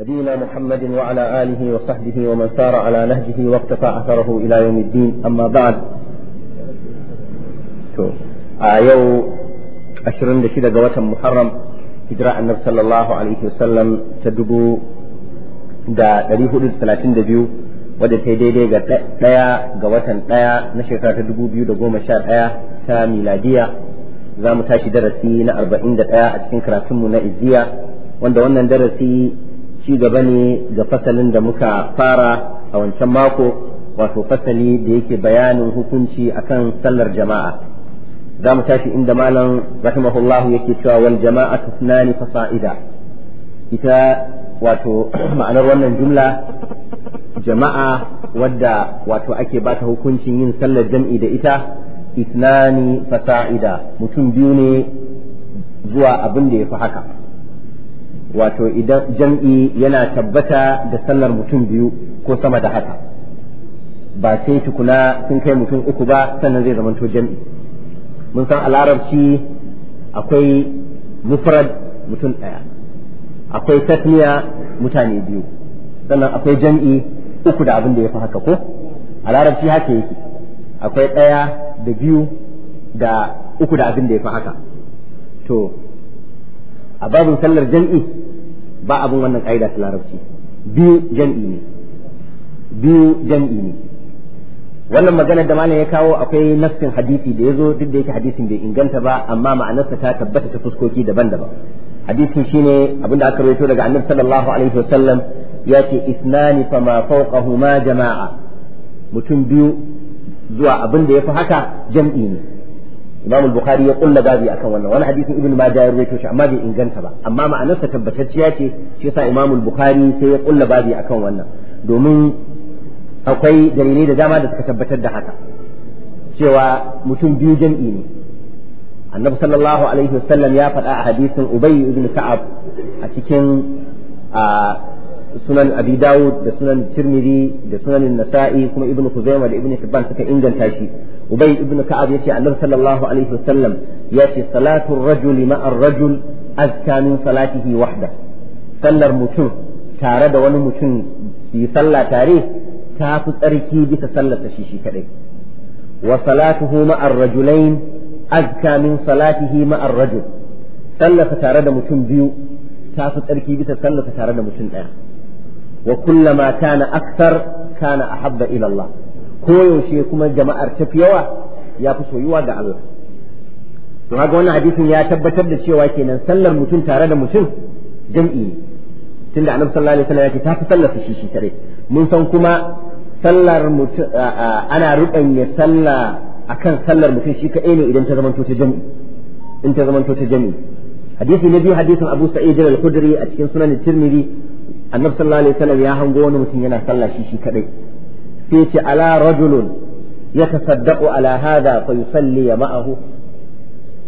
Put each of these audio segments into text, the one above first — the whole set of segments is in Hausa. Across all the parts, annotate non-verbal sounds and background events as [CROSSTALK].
نبينا محمد وعلى آله وصحبه ومن سار على نهجه واقتفى أثره إلى يوم الدين أما بعد آيو أشرن لشدة قوة محرم هجرة النبي صلى الله عليه وسلم تدبو da 432 wadda ta yi daidai ga ɗaya ga watan ɗaya na shekara ta 2011 ta miladiya za mu tashi darasi na 41 a cikin karatunmu na iziya wanda wannan darasi ci gaba ne ga fasalin da muka fara a wancan mako wato fasali da yake bayanin hukunci akan sallar jama'a za mu tashi inda malam rahimahullah yake cewa wal jama'a tusnani fasa'ida ita wato [CLEARS THROAT] ma'anar wannan jumla jama'a wadda wato ake bata hukuncin yin sallar jam'i da ita isnani fasa'ida mutum biyu ne zuwa abin da ya fi haka wato idan jam'i yana tabbata da sallar mutum biyu ko sama da haka ba sai tukuna sun kai mutum uku ba sannan zai zamanto jam'i mun san a larabci akwai mufrad mutum ɗaya akwai tasmiya mutane biyu sannan akwai jam'i uku da abin da ya fi haka ko a larabci haka yake akwai ɗaya da biyu da uku da abin da ya fi haka to a babin sallar jam'i ba abin wannan ƙa'ida ta larabci biyu jam'i ne biyu jam'i ne wannan maganar da malam ya kawo akwai nassin hadisi da ya zo duk da yake hadisin bai inganta ba amma ma'anarsa ta tabbata ta fuskoki daban-daban hadisin shine abinda aka rawaito daga annabi sallallahu alaihi wasallam ya ce isnani fama fawqahuma jama'a mutum biyu zuwa abin da yafi haka jam'i ne Imam bukhari ya kulla babi akan wannan wani hadisin Ibn Majah ya rawaito shi amma bai inganta ba amma ma'anarsa tabbatacciya ce shi yasa Imam bukhari sai ya kulla babi akan wannan domin akwai dalilai da dama da suka tabbatar da haka cewa mutum biyu jam'i ne annabi sallallahu alaihi wasallam ya faɗa a hadisin Ubay ibn Ka'ab a cikin sunan Abi Dawud da sunan Tirmidhi da sunan Nasa'i kuma Ibn Khuzaimah da Ibn Hibban suka inganta shi ubay ibn ka'ab yace annabi sallallahu alaihi wasallam yace salatu ar-rajuli ma'a ar-rajul azka min salatihi wahda sallar mutum tare da wani mutum yi sallah tare ta fi tsarki bisa sallar ta shi kadai wa salatuhu ma'a ar-rajulain azka min salatihi ma'a ar-rajul sallar tare da mutum biyu ta fi tsarki bisa sallar tare da mutum daya wa kullama kana ahabba ila koyaushe kuma jama'ar ta fi yawa ya fi soyuwa ga Allah to haka wannan hadisin ya tabbatar da cewa kenan sallar mutum tare da mutum jam'i ne tunda annabi sallallahu alaihi wasallam yake ta fi sallar shi shi tare mun san kuma sallar mutum ana rubanya salla akan sallar mutum shi kadai ne idan ta zama ta jam'i in ta zamanto ta jam'i hadisi na biyu hadisin Abu Sa'id al-Khudri a cikin sunan Tirmidhi annabi sallallahu alaihi wasallam ya hango wani mutum yana sallah shi shi kadai sai ce ala rajulun ya tasaddaqu ala hada fa yusalli ma'ahu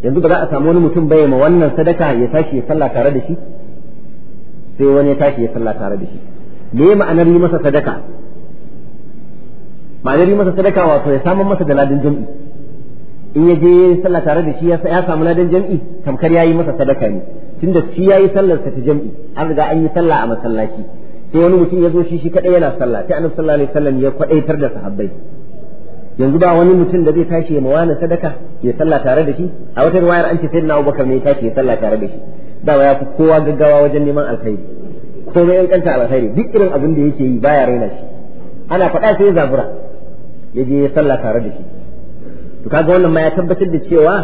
yanzu ba za a samu wani mutum bai ma wannan sadaka ya tashi ya sallah tare da shi sai wani ya tashi ya sallah tare da shi me ma'anar yi masa sadaka ma'anar yi masa sadaka wato ya samu masa da ladan jam'i in ya je ya yi sallah tare da shi ya samu ladan jam'i tamkar ya yi masa sadaka ne tunda shi ya yi sallar ta jam'i an riga an yi sallah a masallaci sai wani mutum ya zo shi shi kadai yana sallah sai annabi sallallahu alaihi wasallam ya kwadaitar da sahabbai yanzu ba wani mutum da zai tashi ya mawana sadaka ya sallah tare da shi a wata riwayar an ce na Abubakar ne ya tashi ya sallah tare da shi da ya fi kowa gaggawa wajen neman alkhairi komai yan kanta alkhairi duk irin abin da yake yi baya raina shi ana faɗa sai ya zabura ya je ya sallah tare da shi to kaga wannan ma ya tabbatar da cewa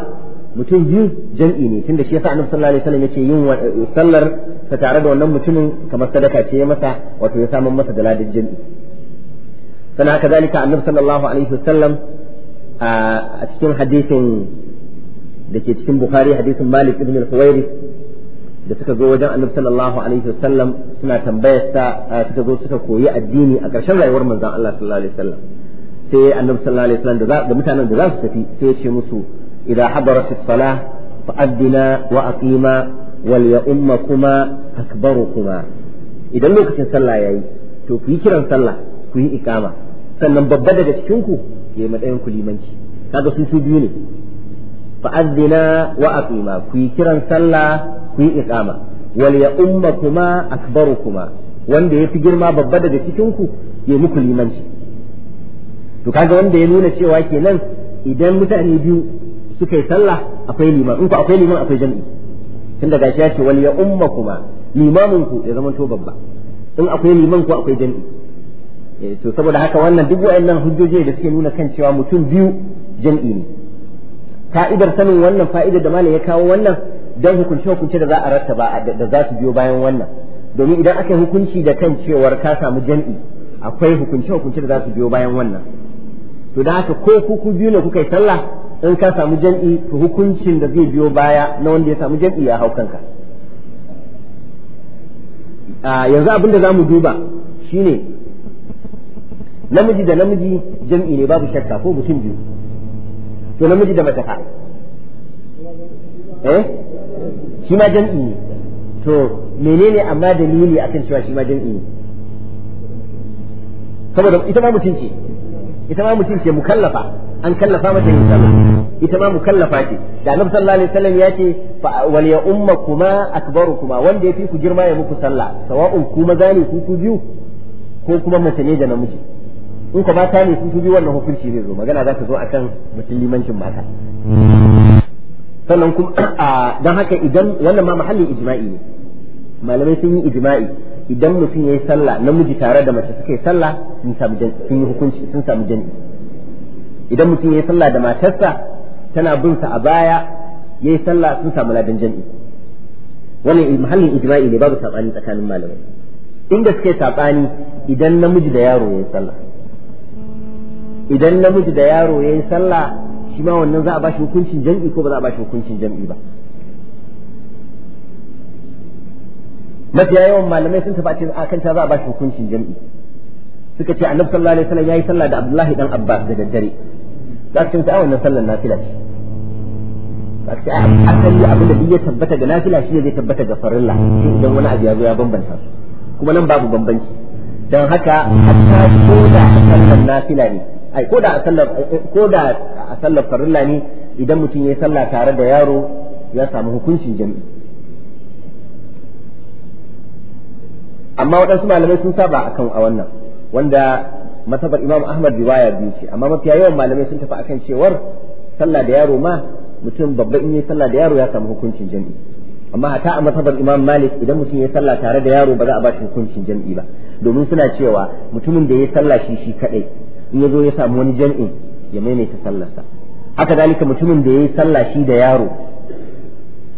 mutum biyu jam'i ne tunda shi yasa annabi sallallahu alaihi wasallam yace yin sallar ta tare da wannan mutumin kamar sadaka ce masa wato ya samu masa da ladin jam'i sana haka zalika annabi sallallahu alaihi wasallam a cikin hadisin da ke cikin bukhari hadisin malik ibn al-huwairi da suka zo wajen annabi sallallahu alaihi wasallam suna tambayar sa suka zo suka koyi addini a ƙarshen rayuwar manzon Allah sallallahu alaihi wasallam sai annabi sallallahu alaihi wasallam da mutanen da za su tafi sai ya ce musu إذا حضرت الصلاة فأذنا وأقيما وليؤمكما أكبركما to ku kiran sallah ku yi sannan babba daga cikin ku ya yi matsayin ku limanci kaga su su biyu ne fa azzina wa aqima ku yi kiran sallah ku yi ikama wal ya ummakuma akbarukuma wanda yafi girma babba daga cikin ku ya muku limanci to kaga wanda ya nuna cewa kenan idan mutane biyu suka yi sallah akwai liman in ku akwai liman akwai jami'i tun daga shi ya ce wal ya umma kuma limamin ku ya zama to babba in akwai liman ku akwai jami'i eh, to saboda haka wannan duk wayannan hujjoji da suke nuna kan cewa mutum biyu jami'i ne fa'idar sanin wannan fa'idar da malam ya kawo wannan dan hukunce hukunci da za a rattaba da za su biyo bayan wannan domin idan aka yi hukunci da kan cewar ka samu jami'i akwai hukunce hukunci da za su biyo bayan wannan to da haka ko ku biyu ne kuka yi sallah in ka samu jam'i to hukuncin da zai biyo baya na wanda ya samu jam'i ya hau kanka yanzu abin da za mu duba shine namiji da namiji jam'i ne babu shakka ko mutum biyu to namiji da mace fa eh shi ma jam'i ne to menene amma dalili akan cewa shi ma jam'i ne saboda ita ma mutum ce ita ma mutum ce mukallafa an kallafa mata yin sallah ita ma mukallafa ce da annabi sallallahu alaihi wasallam ya ce wal ya ummakuma akbarukuma wanda yafi ku girma ya muku sallah sawa'un ku maza ne ku ku biyu ko kuma mace ne da namiji in ku mata ne ku ku biyu wannan hukunci zai zo magana za ta zo akan mutum limancin mata sannan kuma [COUGHS] dan haka idan wannan ma mahallin ijma'i ne malamai sun yi ijma'i idan mutum ya yi sallah namiji tare da mace suka yi sallah sun sun yi hukunci sun samu jami'i idan mutum ya yi sallah da matarsa tana bin sa a baya ya yi sallah sun samu ladan jami'i wannan muhallin ijma'i ne babu sabani tsakanin malamai inda suke sabani idan namiji da yaro yi sallah idan namiji da yaro ya yi sallah shi ma wannan za a bashi hukuncin jami'i ko ba za a bashi hukuncin jami'i ba mafiya yawan malamai sun tafi a kan ta za a bashi hukuncin jam'i suka ce annabi sallallahu alaihi wasallam yayi sallah da Abdullahi dan Abbas da daddare za su tunta wannan sallar nafila ce za su a asali abin da duk ya tabbata ga nafila shi ne zai tabbata ga farilla idan wani abu ya zo ya bambanta su kuma nan babu bambanci dan haka hatta ko da sallar nafila ne ai ko da a sallar ko da a sallar farilla ne idan mutum ya yi sallah tare da yaro ya samu hukuncin jami'i amma waɗansu malamai sun saba a kan a wannan wanda masabar imam ahmad riwaya biyu ce amma mafiya yawan malamai sun tafi a kan cewar sallah da yaro ma mutum babba in yi sallah da yaro ya samu hukuncin jam'i amma hata a masabar imam malik idan mutum ya sallah tare da yaro ba za a ba shi hukuncin jam'i ba domin suna cewa mutumin da ya sallah shi shi kadai in ya zo ya samu wani jam'i ya maimaita sallarsa haka dalika mutumin da ya yi sallah shi da yaro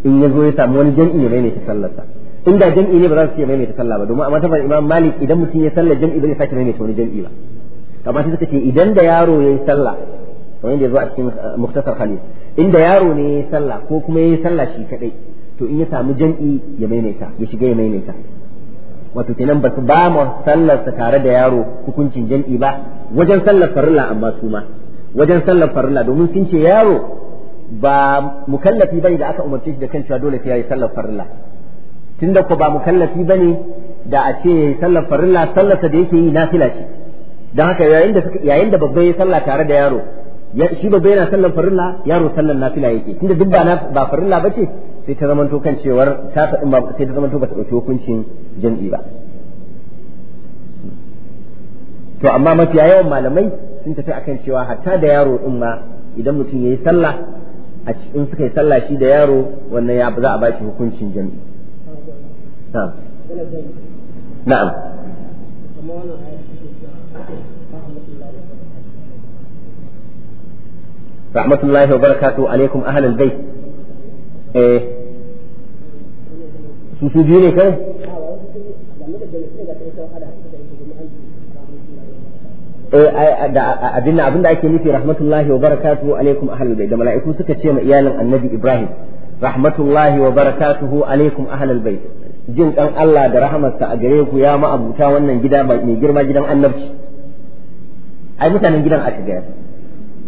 in ya zo ya samu wani jami'i ya maimaita sallarsa inda jam'i ne ba za su ce maimaita sallah ba domin a matabar imam malik idan mutum ya sallah jam'i bai sake maimaita wani jam'i ba kamar sai suka ce idan da yaro ya yi sallah kamar yadda ya zo a cikin ah, muktasar khalil inda yaro ne ya yi sallah ko kuma ya yi sallah shi kadai to in ya samu jam'i ya maimaita ya shiga ya maimaita wato kenan ba su ba mu sallar sa tare da yaro hukuncin jam'i ba wajen sallar farilla amma su ma wajen sallar farilla domin sun ce yaro ba mukallafi bane da aka umarce shi da kan cewa dole sai ya yi sallar farilla tunda ko ba mukallafi bane da a ce sallar farilla sallarsa da yake yi nafila ce don haka yayin da yayin da babba ya sallah tare da yaro shi babba yana sallar farilla yaro sallar nafila yake tunda duk ba ba farilla bace sai ta zamanto kan cewar ta sai ta zamanto ba ta dauki hukuncin jam'i ba to amma mafiya yawan malamai sun tafi akan cewa hatta da yaro din ma idan mutum yayi sallah a cikin suka yi sallah shi da yaro wannan ya za a ba shi hukuncin jam'i نعم wa barakatuhu abin ake nufi rahmatullahi wa barakatuhu alaikum ahlul bait da mala'iku suka ce ma iyalin annabi ibrahim rahmatullahi wa jin ɗan Allah da rahamarsa a gare ku ya ma'abuta wannan gida mai girma gidan annabci ai mutanen gidan aka gaya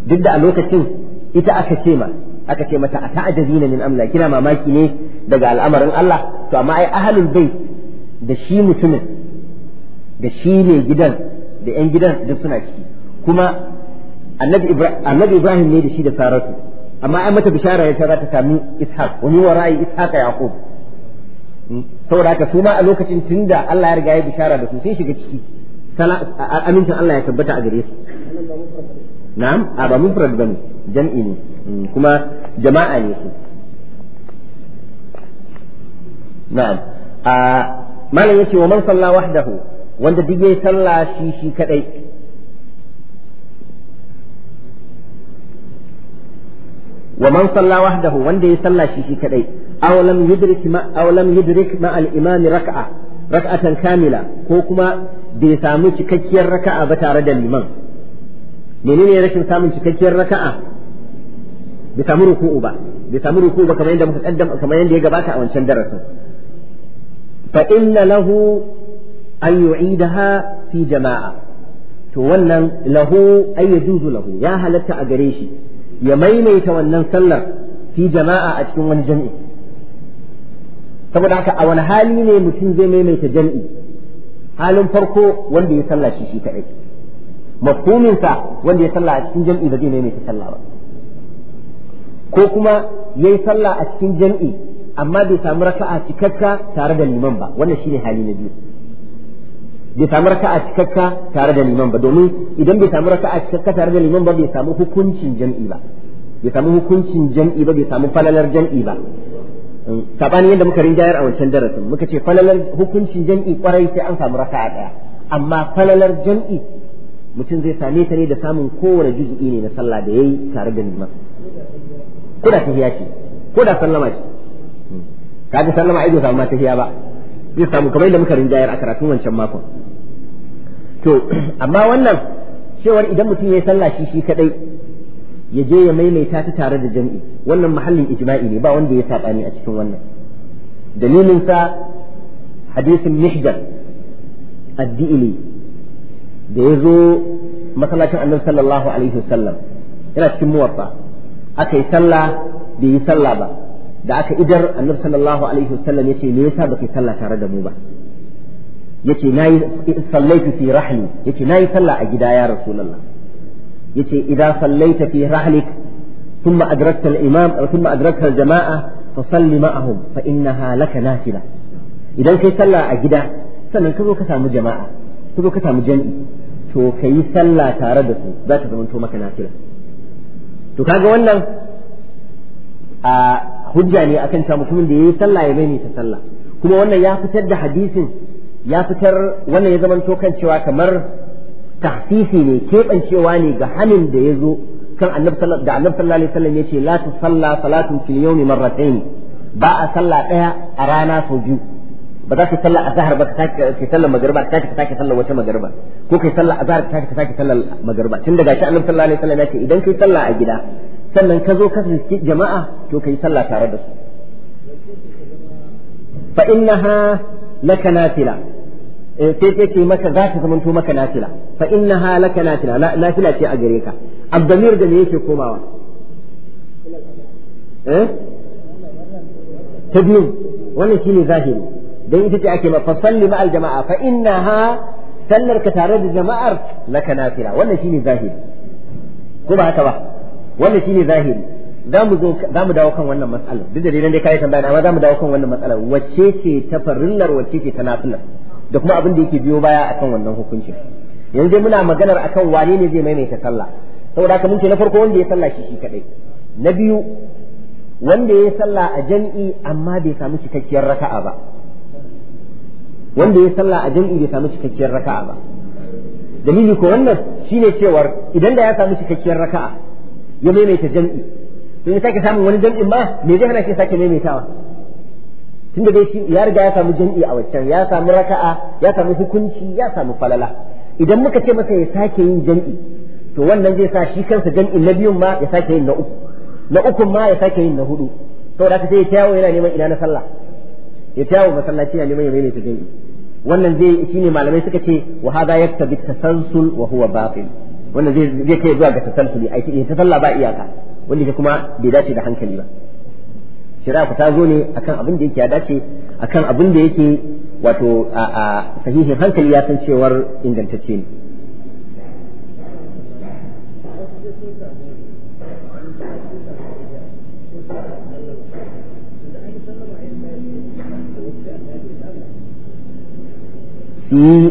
duk da a lokacin ita aka ce ma aka ce mata a ta'ajabina min amla kina mamaki ne daga al'amarin Allah to amma ai ahlul bait da shi mutumin da shi ne gidan da yan gidan duk suna ciki kuma annabi Ibrahim ne da shi da Saratu amma ai mata bishara ya ta za ta sami Ishaq wani wa ra'ayi Ishaq Yaqub hmm? saboda haka su ma a lokacin tunda Allah ya riga ya bishara da su sun shiga ciki amincin Allah ya tabbata a gare su na'am a ba mufrad bane jam'i ne mm, kuma jama'a ne su na'am a malam yace wa man salla wahdahu wanda duk yayi sallah shi shi kadai wa man salla wahdahu wanda yayi sallah shi shi kadai aw lam yudrik ma aw lam yudrik ma al-imam rak'a rak'atan kamila ko kuma bai samu cikakkiyar raka'a ba tare da liman menene rashin samun cikakkiyar raka'a bai samu ruku'u ba bai samu ruku'u ba kamar yadda muka kaddam kamar yadda ya gabata a wancan darasin fa inna lahu an yu'idaha fi jama'a to wannan lahu ay yajuzu lahu ya halatta a gare shi ya maimaita wannan sallar fi jama'a a cikin wani jami'i saboda haka a wani hali ne mutum zai maimaita jam'i halin farko wanda ya sallah shi shi kadai wanda ya sallah a cikin jam'i ba zai maimaita sallah ba ko kuma yayi sallah a cikin jam'i amma bai samu raka'a cikakka tare da liman ba wannan shine hali na biyu bai samu raka'a cikakka tare da liman ba domin idan bai samu raka'a cikakka tare da liman ba bai samu hukuncin jam'i ba bai samu hukuncin jam'i ba bai samu falalar jam'i ba sabani yadda muka rinjayar a wancan darasin muka ce falalar hukuncin jam'i kwarai sai an samu raka'a daya amma falalar jam'i mutum zai same ta ne da samun kowane juzu'i ne na sallah da yayi tare da liman ko da tahiya ce ko da sallama ce hmm. kaga sallama ai bai samu ma tahiya ba zai samu kamar yadda muka rinjayar a karatun wancan makon to [CLEARS THROAT] amma wannan cewar idan mutum ya yi sallah shi shi kadai ya je ya maimaita ta tare da jam'i wannan mahallin ijma'i ne ba wanda ya saɓani a cikin wannan dalilin sa hadisin mihjar addi'ili da ya zo masalacin annabi sallallahu alaihi wasallam yana cikin muwaffa aka yi sallah da yi sallah ba da aka idar annabi sallallahu alaihi wasallam yace me yasa baka sallah tare da mu ba yace nayi sallaitu fi rahli yace nayi sallah a gida ya rasulullah yace idza sallaita fi rahlik thumma adrakta al-imam aw thumma adrakta al-jama'a fa salli ma'ahum fa innaha laka nafila idan kai sallah a gida sannan ka zo ka samu jama'a ka zo ka samu jami'i to kayi sallah tare da su za ta zama to maka nafila to kaga wannan a hujja ne akan ta mutumin da yayi sallah ya mai ta sallah kuma wannan ya fitar da hadisin ya fitar wannan ya zama to kan cewa kamar tahsisi ne keɓancewa ne ga hanin da ya zo kan annabi da annabi sallallahu alaihi wasallam yace la tusalla salatun fil yawmi marratayn ba a salla daya a rana sau biyu ba za ka salla azhar ba ka sake salla magriba ka sake sake salla wata magriba ko kai salla azhar ka sake sake salla magriba tun daga shi annabi sallallahu alaihi wasallam yace idan kai salla a gida sannan ka zo ka riski jama'a to kai salla tare da su fa innaha laka nafila Eh, sai take maka za ta zamanto maka nafila fa innaha laka nafila nafila ce a gare ka abdamir da me yake komawa eh ta biyu wannan shine zahiri dan ita ce ake ma fa salli ma al jama'a fa innaha sallar ka tare da jama'ar laka nafila wannan shine zahiri ko ba haka ba wannan shine zahiri zamu zo zamu dawo kan wannan matsalar duk da dai dan dai kai tambaya amma za mu dawo kan wannan matsalar wacce ce ta farillar wacce ce ta nafilar da kuma abin da yake biyo baya akan wannan hukuncin yanzu muna maganar akan wane ne zai maimaita sallah saboda haka mun ce na farko wanda ya sallah shi shi kadai na biyu wanda ya sallah a jam'i amma bai samu cikakkiyar raka'a ba wanda ya sallah a jam'i bai samu cikakkiyar raka'a ba dalili ko wannan shine cewar idan da ya samu cikakkiyar raka'a ya maimaita jam'i to ya sake samun wani jam'in ma me zai hana shi sake maimaitawa Tun tunda dai ya riga ya samu jam'i a waccan ya samu raka'a ya samu hukunci ya samu falala idan muka ce masa ya sake yin jam'i to wannan zai sa shi kansa jam'in na biyun ma ya sake yin na uku na ukun ma ya sake yin na hudu saboda da sai ya tawo yana neman ina na sallah ya tawo masallaci yana neman ya maimaita jam'i wannan zai shine malamai suka ce wa hadha yaktabi tasalsul wa huwa batil wannan zai kai zuwa ga tasalsuli ai ta sallah ba iyaka wanda kuma bai dace da hankali ba shari'a ku ta zo ne akan abin da yake ya dace akan abin da yake wato a a sahihin hankali ya san cewar ingantacce ne hmm.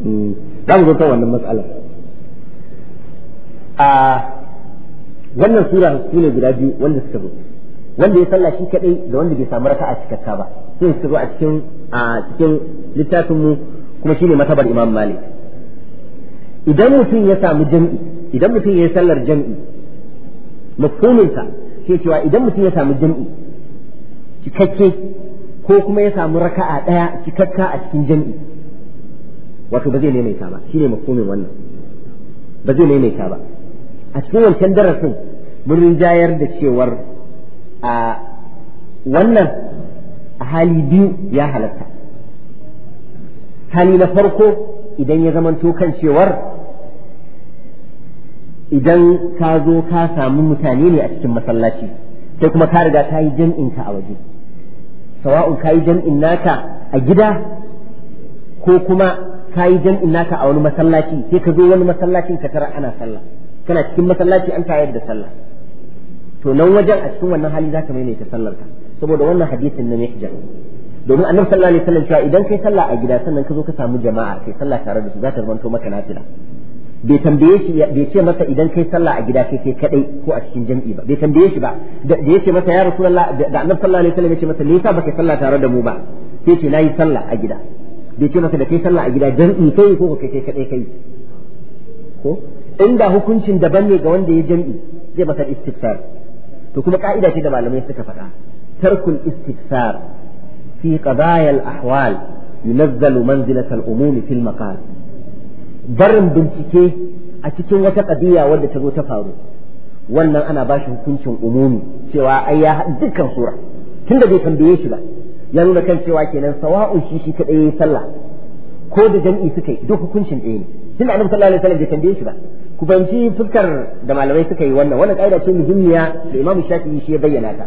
Hmm. za mu zo ta wannan matsalar wannan sura su ne guda biyu wanda suka zo wanda ya sallah shi kadai da wanda bai samu raka'a cikakka ba sai su zo a cikin a cikin littafin mu kuma shine matabar Imam Malik idan mutum ya samu jami'i idan mutum ya sallar jami'i mafhumin sa ke cewa idan mutum ya samu jami'i cikakke ko kuma ya samu raka'a daya cikakka a cikin jami'i wato ba zai maimaita ba shine mafhumin wannan ba zai maimaita ba a cikin wancan darasin mun rinjayar da cewar a wannan a hali biyu ya halatta hali na farko idan ya zamanto kan cewar idan ka zo ka samu mutane ne a cikin masallaci sai kuma ka riga ka yi jam'inka a waje sawa'un ka yi jam'in naka a gida ko kuma ka yi jam'in naka a wani masallaci sai ka zo wani masallacin ka tara ana sallah kana cikin masallaci an tayar da sallah to nan wajen a cikin wannan hali zaka maimaita sallar ka saboda wannan hadisin na mihjar domin annabi sallallahu alaihi wasallam cewa idan kai sallah a gida sannan ka zo ka samu jama'a kai sallah tare da su za ta zamanto maka nafila bai tambaye shi bai ce masa idan kai sallah a gida kai kai kadai ko a cikin jam'i ba bai tambaye shi ba da yace masa ya rasulullah da annabi sallallahu alaihi wasallam yace masa me yasa baka sallah tare da mu ba sai ce nayi sallah a gida bai ce masa da kai sallah a gida jam'i kai ko kai kai kadai kai ko inda hukuncin daban ne ga wanda ya jam'i zai masa istighfar to kuma ka'ida ce da malamai suka faɗa tarkul istiksar fi qadaya ahwal yunazzalu manzilata al-umum fi al-maqal barin bincike a cikin wata qadiya wadda ta zo ta faru wannan ana ba shi hukuncin umumi cewa ai ya dukkan sura tunda bai tambaye shi ba ya nuna kan cewa kenan sawa'un shi shi kadai yayi sallah ko da jam'i suka yi duk hukuncin ɗaya ne tunda annabi sallallahu alaihi wasallam bai tambaye shi ba ku fahimci fuskar da malamai suka yi wannan wannan kaida ce muhimmiya da Imam Shafi'i shi ya bayyana ta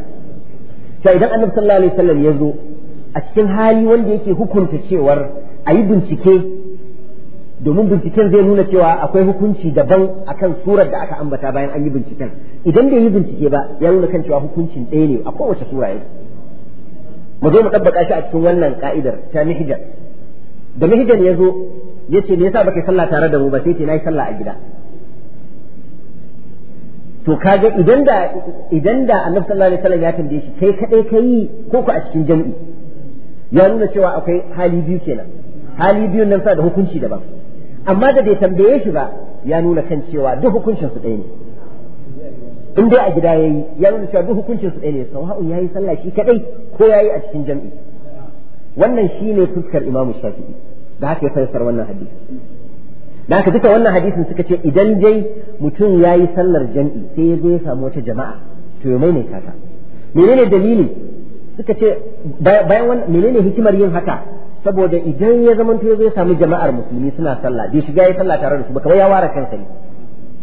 sai idan Annabi sallallahu alaihi wasallam ya zo a cikin hali wanda yake hukunta cewar a yi bincike domin binciken zai nuna cewa akwai hukunci daban akan surar da aka ambata bayan an yi binciken idan bai yi bincike ba ya nuna kan cewa hukuncin ɗaya ne a kowace sura yake mu zo mu tabbata shi a cikin wannan ka'idar ta mihijar da mihijar ya zo ya ce me yasa baka sallah tare da mu ba sai ce na yi sallah a gida to kaga idan da idan da annabi sallallahu alaihi wasallam ya tambaye shi kai kadai kai ko ku a cikin jami'i ya nuna cewa akwai hali biyu kenan hali biyu nan sa da hukunci daban amma da bai tambaye shi ba ya nuna kan cewa duk hukuncin su ɗaya ne in dai a gida yayi ya nuna cewa duk hukuncin su ɗaya ne sawa'un yayi sallah shi kadai ko yayi a cikin jami'i wannan shine fuskar Imam Shafi'i da haka ya fassara wannan hadisi da haka duka wannan hadisin suka ce idan dai mutum ya yi sallar jan'i sai ya zo ya samu wata jama'a to ya maimaita ta menene dalili suka ce bayan wannan menene hikimar yin haka saboda idan ya zama ya zo ya samu jama'ar musulmi suna sallah bai shiga ya sallah tare da su ba kawai ya ware kansa ne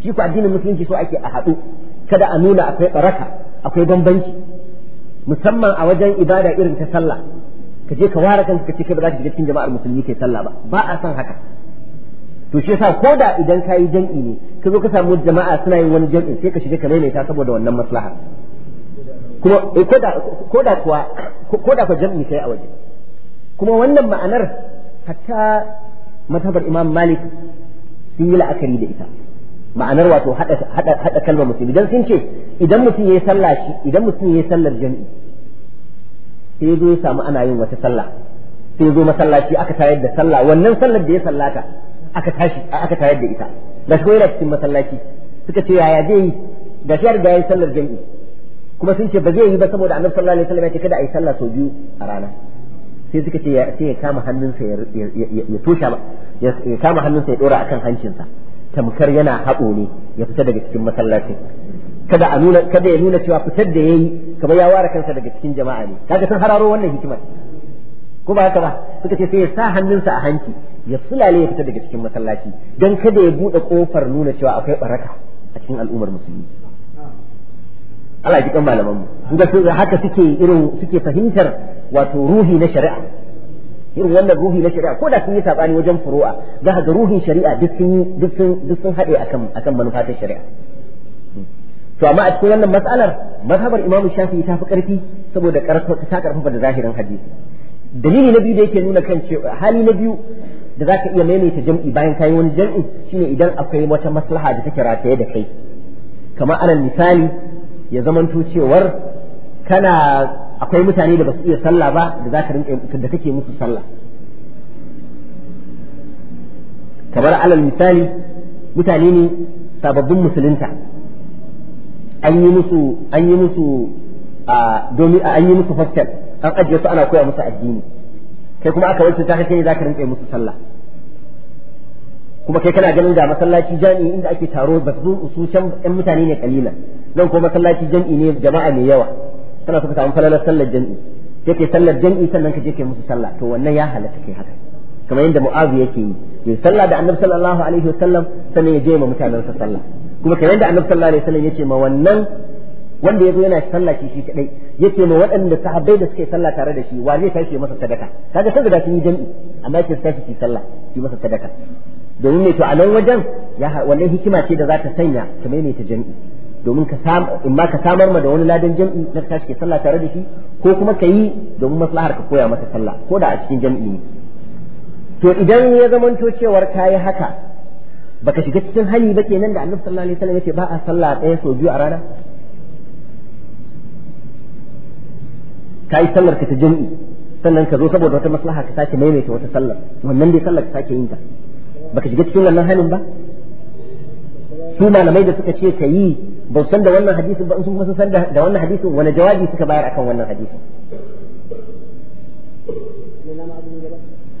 shi ku addinin musulunci so ake a haɗu kada a nuna akwai baraka akwai bambanci musamman a wajen ibada irin ta sallah ka je ka ware kanka ka ce kai ba za ka shiga cikin jama'ar musulmi kai sallah ba ba a son haka to shi yasa ko da idan ka yi jam'i ne ka zo ka samu jama'a suna yin wani jam'i sai ka shiga ka maimaita saboda wannan maslaha kuma eh, ko da kuwa ko da kuwa jam'i kai a waje kuma wannan ma'anar hatta mazhabar imam malik sun yi la'akari da ita ma'anar wato haɗa kalmar mutum idan sun ce idan mutum ya yi sallah shi idan mutum ya yi sallar jam'i sai zo ya samu ana yin wata sallah sai zo masallaci aka tayar da sallah wannan sallar da ya sallata aka tashi aka tayar da ita ga shi yana cikin masallaci suka ce yaya zai yi ga shi da yayi sallar jami'i kuma sun ce ba zai yi ba saboda annabi sallallahu alaihi wasallam ya ce kada a yi sallah sau biyu a rana sai suka ce sai ya kama hannunsa ya tosha ya kama hannunsa ya dora akan hancinsa tamkar yana haƙo ne ya fita daga cikin masallacin kada a nuna kada ya nuna cewa fitar da yayi kamar ya ware kansa daga cikin jama'a ne kaga sun hararo wannan hikimar ko ba haka ba suka ce sai ya sa hannunsa a hanci ya sulale ya fita daga cikin masallaci don kada ya buɗe ƙofar nuna cewa akwai baraka a cikin al'ummar musulmi Allah ji malaman mu duka sun haka suke irin suke fahimtar wato ruhi na shari'a irin wannan ruhi na shari'a ko da sun yi sabani wajen furu'a za ga ruhin shari'a duk sun duk haɗe akan akan manufa shari'a to amma a cikin wannan mas'alar mazhabar imamu shafi ta fi karfi saboda karfa ta karfafa da zahirin hadisi dalili na biyu da yake nuna kan cewa hali na biyu da za ka iya maimaita jam'i bayan kayi wani jam'i shine idan akwai wata maslaha da take rataye da kai kamar alal misali ya zamanto cewar kana akwai mutane da ba su iya sallah ba da za ka rinka da kake musu sallah kamar alal misali mutane ne sababbin musulunta an yi musu an yi musu a domin an yi musu hostel an ajiye su ana koya musu addini kai kuma aka wancan ta kai za ka rinƙa musu sallah kuma kai kana ganin da masallaci jami'i inda ake taro ba su su can ɗan mutane ne kalilan nan kuma masallaci jami'i ne jama'a mai yawa kana suka samu falalar sallar jami'i sai kai sallar jami'i sannan ka je kai musu sallah to wannan ya halatta kai haka kamar yadda mu'azu yake yi ya sallah da annabi sallallahu alaihi wasallam sannan ya je ma mutanen sa sallah kuma kamar yadda annabi sallallahu alaihi wasallam ya ce ma wannan wanda ya yana sallah shi kadai yake ma waɗanda sahabbai da suke sallah tare da shi wa zai tashi masa sadaka kaga sun da sun yi jami'i amma yake su tashi sallah ki masa sadaka domin me to a nan wajen ya wannan hikima ce da za ta sanya ka maimaita jami'i domin ka sam in ma ka samar ma da wani ladan jami'i na tashi ke sallah tare da shi ko kuma ka yi domin maslahar ka koya masa sallah ko da a cikin jami'i ne to idan ya zamanto cewar kayi haka baka shiga cikin hali ba kenan da annabi sallallahu alaihi wasallam ya ce ba a sallah ɗaya sau biyu a rana ka yi sallar ka ta jam'i sannan ka zo saboda wata maslaha ka sake maimaita wata sallar wannan dai sallar ka sake yin ta baka shiga cikin wannan halin ba su malamai da suka ce ka yi ba san da wannan hadisin ba sun kuma san da wannan hadisin wani jawabi suka bayar akan wannan hadisin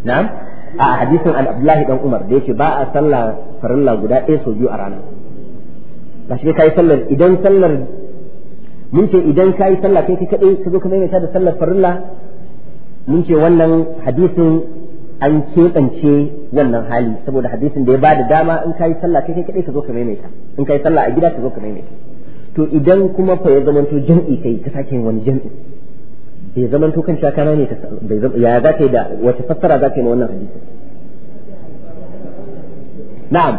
na'am a hadisin al-abdullahi dan umar da yake ba a sallah farilla guda ɗaya sau biyu a rana ba shi kai sallar idan sallar mun ce idan ka yi sallah kai kaɗai ka zo ka maimaita da sallar farilla mun ce wannan hadisin an keɓance wannan hali saboda hadisin da ya ba da dama in ka yi sallah kai kaɗai ka zo ka maimaita in ka yi sallah a gida ka zo ka maimaita to idan kuma fa ya zamanto jam'i kai ka sake yin wani jam'i bai zamanto kan shakana ne ya za ka yi da wata fassara za ka yi na wannan hadisin na'am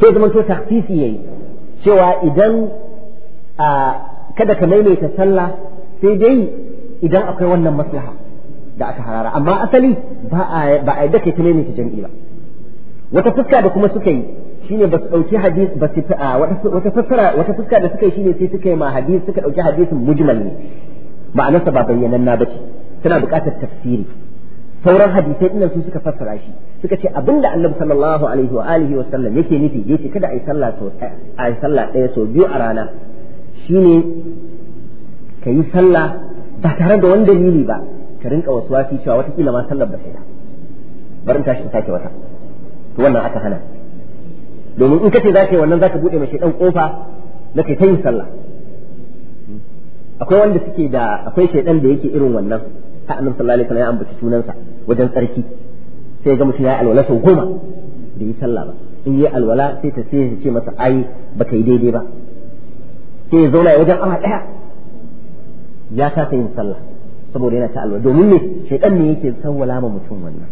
sai zama to takhsisi yayi cewa idan kada ka maimaita sallah sai dai idan akwai wannan maslaha da aka harara amma asali ba a ba a dake ta maimaita jami'i ba wata fuska da kuma suka yi shine ba su dauki hadis ba su wata fassara wata fuska da suka yi shine sai suka yi ma hadis suka dauki hadisin mujmal ne ma'anarsa ba na bace tana buƙatar tafsiri sauran hadisai ɗin su suka fassara shi suka ce abinda annabi sallallahu alaihi wa alihi wa sallam yake nufi yace kada ai sallah so ai sallah ɗaya so biyu a rana shine ka yi sallah ba tare da wani dalili ba ka rinka wasu wasi cewa watakila ma sallar ba sai da barin tashi in sake wata to wannan aka hana domin in kace za yi wannan zaka bude buɗe mai shedan kofa na kai ta yin sallah akwai wanda suke da akwai shaidan da yake irin wannan har annabi sallallahu alaihi wasallam ya ambaci sunansa wajen tsarki sai ga mutum ya alwala sau goma da yi sallah ba in yi alwala sai ta sai ce masa ai baka yi daidai ba sai ya zauna wajen awa daya ya kasa yin sallah saboda yana ta alwala domin ne shaidan ne yake sawwala ma mutum wannan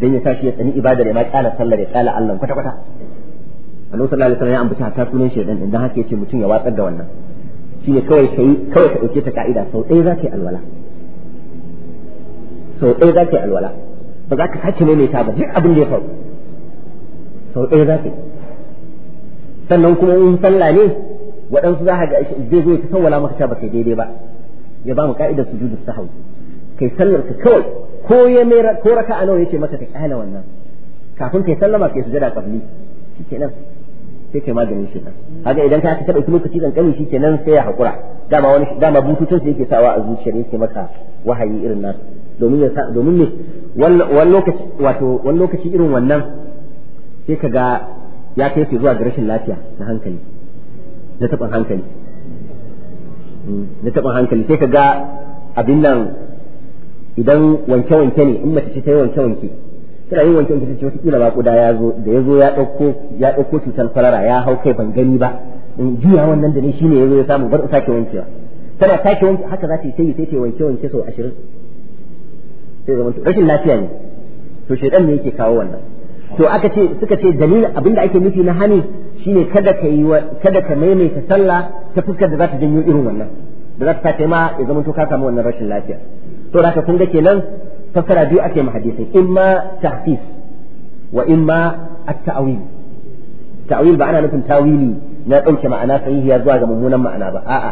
dan ya tashi ya tsani ibadar ya ma kala sallar ya kala Allah kwata kwata annabi sallallahu alaihi wasallam ya ambata ta sunan shaidan din dan haka yace mutum ya watsar da wannan shine kawai kai kawai ka dauke ta ka'ida sau ɗaya za ka yi alwala sau ɗaya za ka yi alwala ba za ka sake maimaita ba duk abin da ya faru sau ɗaya za ka yi sannan kuma in sallah ne waɗansu za ka ga zai zo ta sawwala maka ta ba kai daidai ba ya ba mu ka'idar sujudu sahwi kai sallar ka kawai ko ya mai ko raka a nawa yace maka ka kyala wannan kafin kai sallama kai sujada ke shikenan sai kai maganin shi haka idan ka taɓa ɗauki lokaci ke shikenan sai ya haƙura dama wani dama bututun sai yake sawa a zuciyar yake maka wahayi irin nasu domin ya domin ne wani lokaci wato wani lokaci irin wannan sai ka ga ya kai su zuwa ga rashin lafiya na hankali na taɓin hankali mm, na taɓin hankali sai ka ga abin nan idan wanke-wanke ne in mace ce ta yi wanke-wanke tana yin wanke-wanke ta ce wata kila ba kuda ya zo da ya zo ya ɗauko ya ɗauko cutar kwalara ya hau kai ban gani ba in juya wannan da ne shine ya zo ya samu bar sake wankewa tana sake wanke haka za ta yi sai ta wanke-wanke sau ashirin sai zama rashin lafiya ne to ne yake kawo wannan to aka ce suka ce dalilin abinda ake nufi na hani shine kada ka yi kada ka maimaita sallah ta fuskar da za ta janyo irin wannan da za ta sa ma ya zama to ka samu wannan rashin lafiya to da ka kun ga kenan fassara biyu ake ma hadisi imma tahsis wa imma at-ta'wil ta'wil ba ana nufin tawili na dauke ma'ana sahihiya zuwa ga mummunan ma'ana ba a'a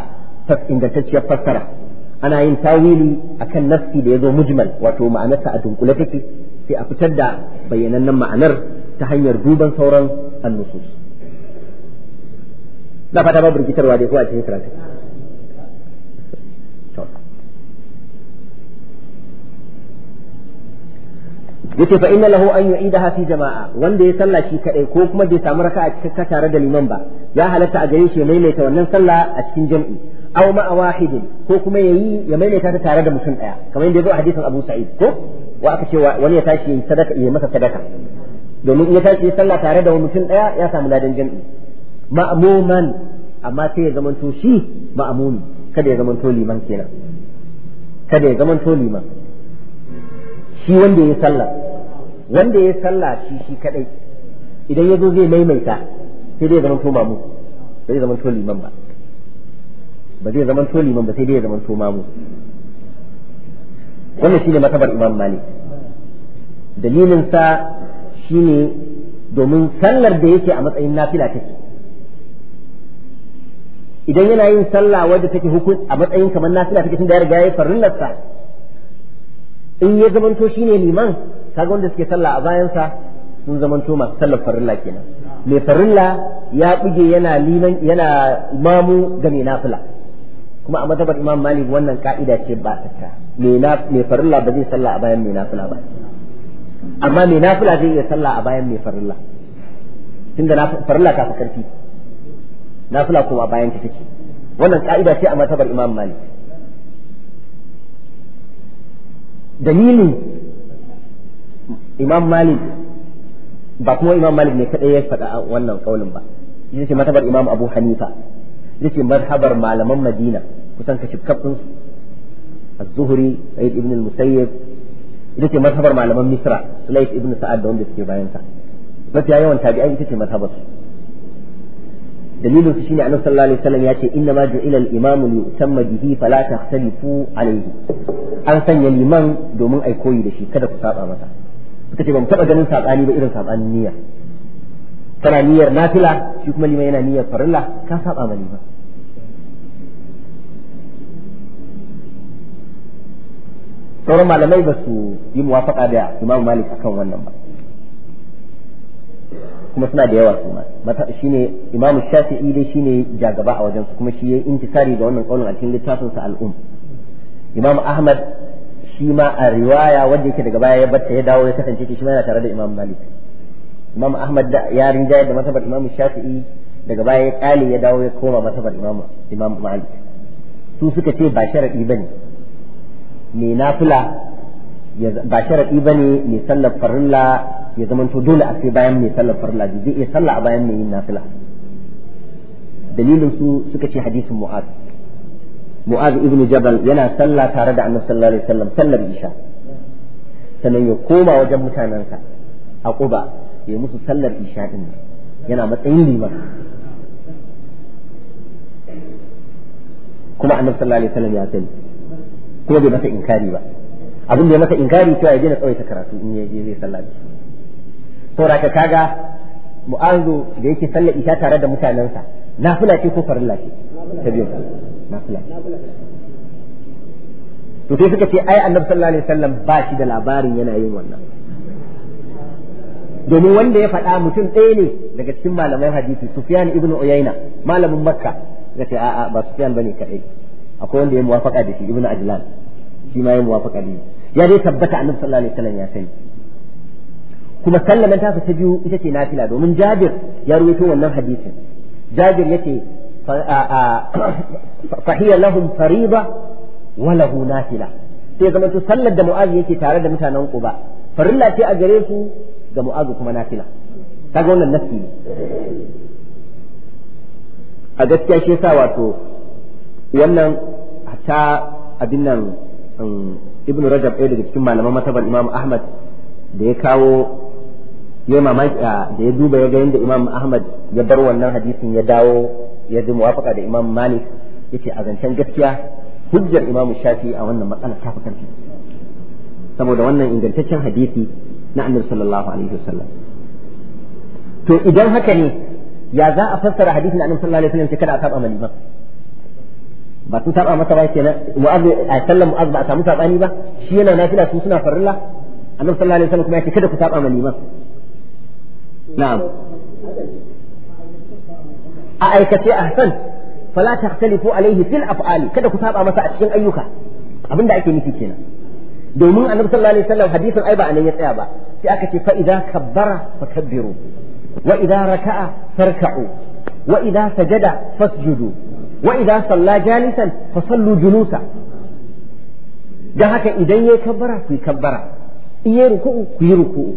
ingantacciyar fassara ana yin tawili akan nafsi da ya zo mujmal wato ma'anarsa a dunkule take sai a fitar da bayyanannen ma'anar ta hanyar duban sauran annusus na fata ba rikitarwa dai ko a cikin karatu yace fa inna lahu an yu'idaha fi jama'a wanda ya sallah shi kadai ko kuma bai samu raka'a cikin tare da liman ba ya halatta a gare shi maimaita wannan sallah a cikin jam'i aw ma wahidin ko kuma yayi ya maimaita ta tare da mutum daya kamar yadda zo a hadisin Abu Sa'id ko wa aka ce wani ya tashi yayi sadaka yayi masa sadaka domin in ya tashi sallah tare da mutum daya ya samu ladan jami'i ma'muman amma sai ya zamanto shi ma'mumi kada ya zamanto liman kenan kada ya zamanto liman shi wanda ya sallah wanda ya sallah shi shi kadai idan ya zo zai maimaita sai dai ya zamanto mamu ya zamanto liman ba ba zai zaman to liman ba sai dai ya zama to mamu wannan shine matabar imam malik dalilin sa shine domin sallar da yake a matsayin nafila take idan yana yin sallah wadda take hukun a matsayin kamar nafila take tun da ya riga ya farillar sa in ya zamanto shine liman kaga wanda suke sallah a bayansa sun zamanto masu sallar farilla kenan mai farilla ya buge yana liman yana mamu ga mai nafila kuma a matabar imam malik wannan ka'ida ce ba ta mai farilla ba zai sallah a bayan mai nafila ba amma mai nafila zai iya sallah a bayan mai farilla tunda farilla ta fi karfi nafila kuma a bayan ta take wannan ka'ida ce a matabar imam malik dalilin imam malik ba kuma imam malik ne kadai ya faɗa wannan kaulin ba yace matabar imam abu hanifa yace madhabar malaman madina kusan kashi kafin az-zuhri sayyid ibn al-musayyib ita ce madhabar malaman misra sulayf ibn sa'ad da wanda suke bayan sa mafiya yawan tabi'ai ita ce madhabar su dalilin su shine annabi sallallahu alaihi wasallam ya ce inna ma ju'ila al-imam li yutamma bihi fala tahtalifu alayhi an sanya liman domin ai koyi da shi kada ku saba masa suka ce ban taba ganin sabani ba irin sabanin niyya kana niyyar nafila shi kuma liman yana niyyar farilla ka saba ma liman sauran malamai ba su yi muwafaka da imam malik akan wannan ba kuma suna da yawa su ma shine imam shafi'i dai shine jagaba a wajen su kuma shi yayi intisari ga wannan kaulin a cikin littafin sa al'um imam ahmad shi ma a riwaya wanda yake daga baya ya bata ya dawo ya kasance shi ma yana tare da imam malik imam ahmad da ya rinjaye da masabar imam shafi'i daga baya ya kale ya dawo ya koma masabar imam imam malik su suka ce ba sharadi bane ne nafila ba sharadi bane ne sallar farilla ya zamanto dole a sai bayan mai sallar farilla zai iya sallah a bayan mai yin nafila dalilin su suka ce hadisin mu'az mu'az ibn jabal yana sallah tare da annabi sallallahu alaihi wasallam sallar isha sannan ya koma wajen mutanensa a quba ya musu sallar isha din yana matsayin liman kuma annabi sallallahu alaihi wasallam ya sani kuma bai masa inkari ba abin da ya masa inkari cewa ya daina tsawaita karatu in yaje zai sallah da shi saboda ka kaga mu'azu da yake sallar isha tare da mutanensa nafila ce ko farilla ce ta biyu nafila to sai suka ce ai annabi sallallahu alaihi wasallam ba shi da labarin yana yin wannan domin wanda ya faɗa mutum ɗaya ne daga cikin malaman hadisi Sufyan ibn Uyayna malamin Makka ce a'a ba Sufyan bane kadai akwai wanda ya muwafaka da shi ibn Ajlan shi ma ya muwafaka da ya dai tabbata Annabi sallallahu alaihi wasallam ya sani kuma sallaman ta ta biyu ita ce nafila domin Jabir ya ruwaito wannan hadisin Jabir yace fahiya lahum fariba wa lahu nafila sai zama to sallar da Mu'az yake tare da mutanen Quba farilla ce a gare su ga mu'azu kuma nafila kaga wannan nafi ne a gaskiya shi yasa wato wannan ta abin nan um, ibnu rajab ɗaya daga cikin malaman matabar imam ahmad da ya kawo ya mamaki da ya duba ya ga yadda imam ahmad ya bar wannan hadisin ya dawo ya ji muwafaka da imam malik yace a zancen gaskiya hujjar imam shafi a wannan matsala ta fi karfi saboda wannan ingantaccen hadisi na annabi sallallahu alaihi wasallam to idan haka ne ya za a fassara hadisin annabi sallallahu alaihi wasallam ce kada a saba mali ba Ba tun saba masa ba kenan mu'azz a sallan mu'azz ba a samu sabani ba shi yana nafila su suna farilla annabi sallallahu alaihi wasallam kuma ya ce kada ku saba maliman na'am a aikace ahsan fala takhtalifu alaihi fil af'ali kada ku saba masa a cikin ayyuka abinda ake nufi kenan domin annabi sallallahu alaihi wasallam hadisin ai ba anan ya tsaya ba sai aka ce fa idza kabbara fakabbiru wa idza raka'a farka'u wa idza sajada fasjudu wa idza salla jalisan fasallu dan haka idan yayi kabbara ku yi kabbara in yayi ruku'u ku yi ruku'u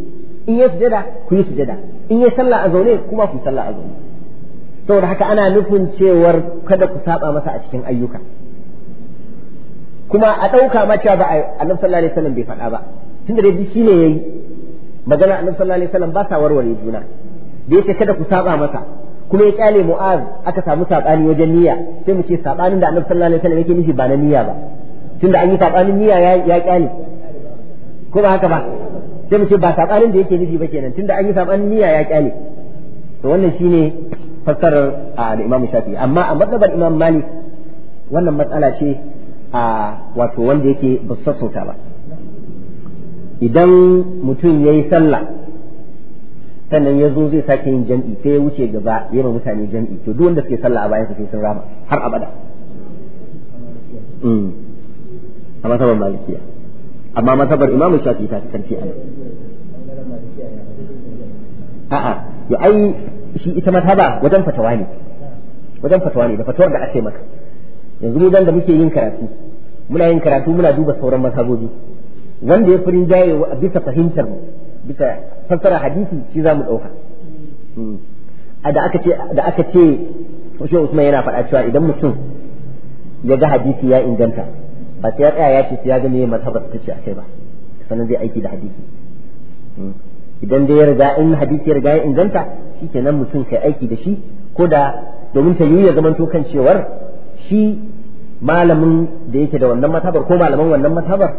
in yayi sujada ku yi sujada in yayi sallah a zaune kuma ku sallah a zaune saboda haka ana nufin cewar kada ku saba masa a cikin ayyuka kuma a ɗauka ma cewa ba a annabi sallallahu alaihi wasallam bai faɗa ba tunda dai shi ne yayi magana annabi sallallahu alaihi wasallam ba sa warware juna da yake kada ku saba masa kuma ya kyale mu'az aka samu sabani wajen niyya sai mu ce sabanin da annabi sallallahu alaihi wasallam yake nufi ba na niyya ba tunda an yi sabanin niyya ya kyale ko ba haka ba sai mu ce ba sabanin da yake nufi ba kenan tunda an yi sabanin niyya ya kyale to wannan shine fassarar da Imam Shafi'i amma a madhabar Imam Malik wannan matsala ce a wato wanda yake ba sassauta ba idan mutum ya yi sallah sannan ya zo zai sake yin jam'i sai ya wuce gaba ya ma mutane jam'i to duk wanda suke sallah a bayan su sun rama har abada hmm. a masabar malikiya amma masabar imamu shafi ta fi karfi a ana a'a ya ai shi ita mazhaba wajen fatawa ne wajen fatawa ne da fatawar da ake maka yanzu mu dan da muke yin karatu muna yin karatu muna duba sauran mazhabobi wanda ya furin jaye bisa fahimtar mu bisa fassara hadisi shi zamu dauka hmm. da aka ce da aka ce Shi Usman yana faɗa cewa idan mutum ya ga hadisi ya inganta ba sai ya tsaya ya ce sai ya ga me mazhabar ta ce akai ba sannan zai aiki da hadisi hmm. idan dai ya riga in hadisi ya riga ya inganta shikenan mutum kai aiki da shi ko da domin ta yi ya zamanto kan cewar shi malamin da yake da wannan matabar ko malaman wannan matabar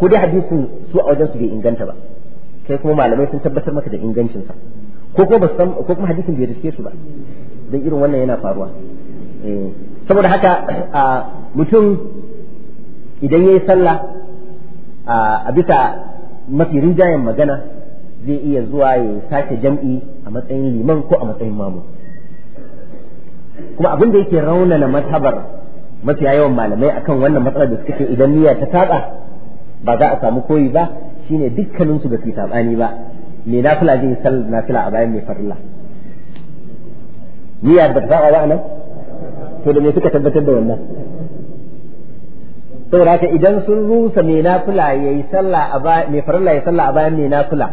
ko dai hadisin su a wajen su bai inganta ba kai kuma malamai sun tabbatar maka da ingancinsa ko kuma basu ko kuma hadisin bai riske su ba dan irin wannan yana faruwa eh, saboda haka mutum idan yayi sallah a bisa mafi rinjayen magana zai iya zuwa ya sake jam'i a matsayin liman ko a matsayin mamu kuma abin da yake raunana mazhabar mafiya yawan malamai akan wannan matsalar da suka ce idan niyya ta saba ba za a samu koyi ba shine dukkanin su ba su tabani ba me nafila zai sal nafila a bayan mai farilla niyya ba ta saba ba to da me suka tabbatar da wannan saboda haka idan sun rusa me nafila yayi sallah a bayan mai farilla yayi sallah a bayan mai nafila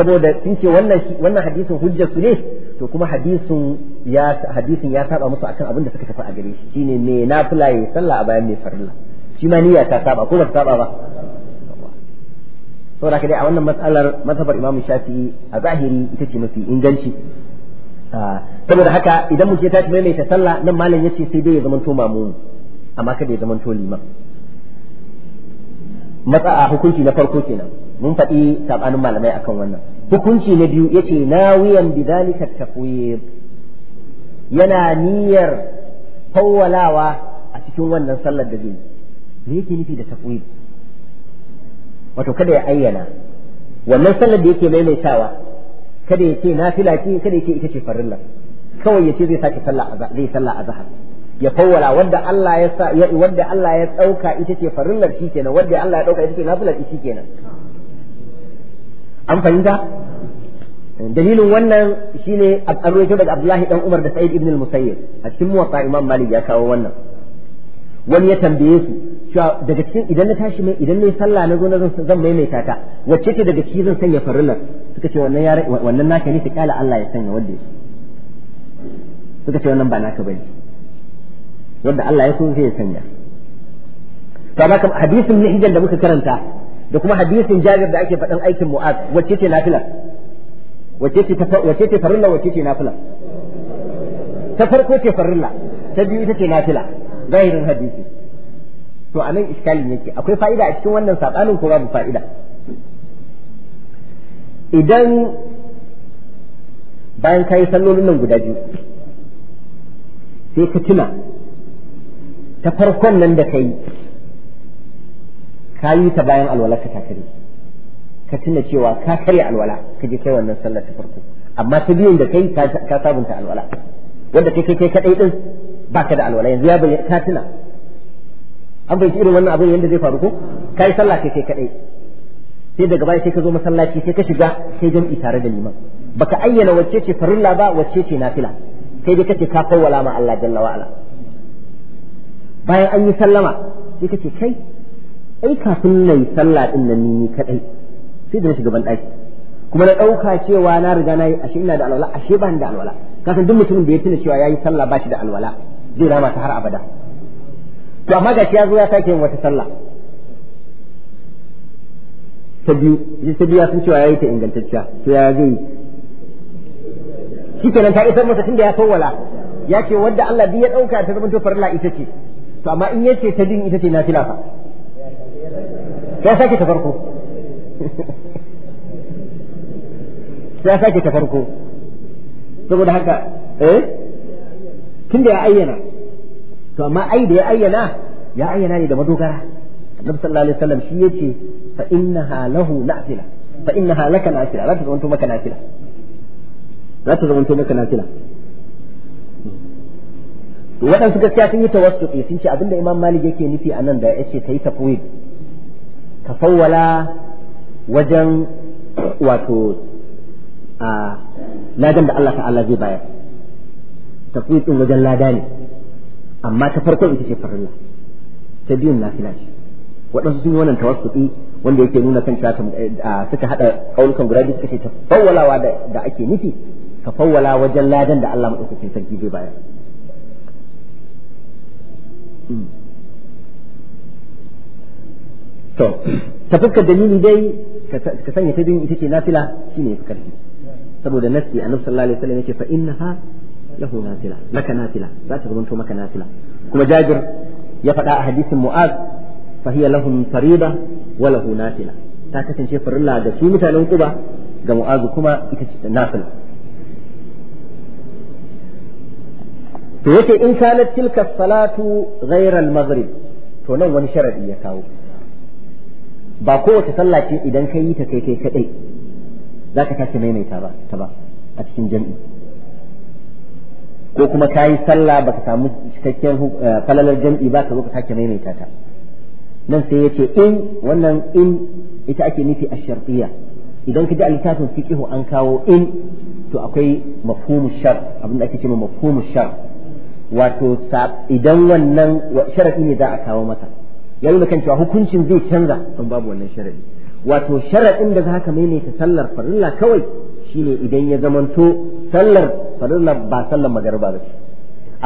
saboda sun ce wannan hadisin hujja su ne to kuma hadisin ya saba musu akan abin da suka tafi a gare shi shine me na yayi sallah a bayan mai farilla shi ma niyya ta saba ko ba ta saba ba saboda haka dai a wannan matsalar matsabar Imam Shafi'i a zahiri ita ce mafi inganci ah, saboda haka idan mu ce ta ci maimaita sallah nan malam yace sai dai ya zamanto mamumu amma kada ya zamanto liman matsa a hukunci na farko kenan mun faɗi sabanin malamai akan wannan hukunci na biyu yace nawiyan bidalika tafwid yana niyyar fawwalawa a cikin wannan sallar da zai me yake nufi da tafwid wato kada ya ayyana wannan sallar da yake maimaitawa kada ya ce nafila ce kada ya ce ita ce farilla kawai ya ce zai sake sallah zai sallah azhar ya fawwala wanda Allah ya sa wanda Allah ya dauka ita ce farillar shikenan wanda Allah ya dauka ita ce nafilar shikenan an fahimta dalilin wannan shine an rawaito daga Abdullahi dan Umar da Sa'id ibn al-Musayyib a cikin muwatta Imam Malik ya kawo wannan wani ya tambaye su cewa daga cikin idan na tashi mai idan nayi sallah na zo na zan maimaita ta wacce ce daga cikin zan sanya farillar suka ce wannan ya wannan naka ne ta kala Allah ya sanya wanda yake suka ce wannan ba naka bane wanda Allah ya so sai ya sanya to hadisin mihjan da muka karanta da kuma hadisin Jabir da ake faɗan aikin mu'ad wacce ce nafila wacce ce wacce ce farilla wacce ce nafila ta farko ce farilla ta biyu ita ce nafila zahirin hadisi to anan iskalin yake akwai fa'ida a cikin wannan sabanin ko babu fa'ida idan bayan kayi sallolin nan guda biyu sai ka tuna ta farkon nan da ka yi ka yi ta bayan alwalarka ta kare ka tuna cewa ka karya alwala ka je kai wannan sallar ta farko amma ta biyun da kai ka sabunta alwala wanda kai kai kadai din baka da alwala yanzu ya bayyana ka tuna an bai irin wannan abin yanda zai faru ko kai sallah kai kai kadai sai daga baya sai ka zo masallaci sai ka shiga sai jam'i tare da liman baka ayyana wacce ce farilla ba wacce ce nafila Sai dai kace ka kawwala ma Allah jalla wa ala bayan an yi sallama sai kace kai ai kafin na yi sallah din nan ni kadai sai da shiga ban daki kuma na dauka cewa na riga na yi ashe ina da alwala ashe ba ni da alwala kasan duk mutumin da ya tuna cewa yayi sallah ba shi da alwala zai rama ta har abada to amma shi ya zo ya sake yin wata sallah ta biyu ji ta biyu sun cewa yayi ta ingantacciya to ya zai shi kenan ta isar masa tunda ya sawwala ya ce wadda Allah bi ya dauka ta zama to farla ita ce to amma in yace ta din ita ce nafila fa ya sake ta farko ya sake ta farko saboda haka eh tun da ya ayyana to amma ai da ya ayyana ya ayyana ne da madogara annabi sallallahu alaihi wasallam shi yace fa innaha lahu nafila fa innaha laka nafila za ta zama maka nafila za ta zama maka nafila waɗansu gaskiya sun yi tawassuki sun ce abinda imam malik yake nufi a nan da ya ce ta yi tafwid ka wajen wato a ladan da Allah ta'ala zai bayar tafwidin wajen lada ne amma ta farko ita ce farilla ta biyun nafila ce waɗansu sun yi wannan tawassuɗi wanda yake nuna kan cewa suka haɗa ƙaunukan guda biyu suka ce ta fawwalawa da ake nufi ka wajen ladan da Allah maɗaukakin sarki zai bayar. Hmm. to ta fuskar dalili dai ka sanya ta biyun ita ce nafila shine fi karfi saboda nasi annabi sallallahu alaihi wasallam yace fa innaha lahu nafila laka nafila za ta zama maka nafila kuma jabir ya faɗa a hadisin mu'az fa hiya lahum fariida wa lahu nafila ta kasance farilla ga su mutanen kuba ga mu'azu kuma ita ce nafila to yace in kanat tilka salatu ghayra al-maghrib to nan wani sharadi ya kawo ba kowace sallah ce idan ka yi ta kai kai kadai za ka tashi maimaita ba ta ba a cikin jam'i ko kuma ka yi sallah ba ka samu cikakken eh, falalar jam'i ba ka zo ka tashi maimaita ta nan sai ya ce in wannan in ita ake nufi a sharfiya idan ka ji a littafin fiqihu an kawo in to akwai mafhumu shar abin da ake cewa mafhumu shar wato idan wannan sharadi ne za a kawo masa ya nuna kan cewa hukuncin zai canza don babu wannan sharadi wato sharadin da ka maimaita sallar farilla kawai shine idan ya zamanto sallar farilla ba sallar magariba ba ce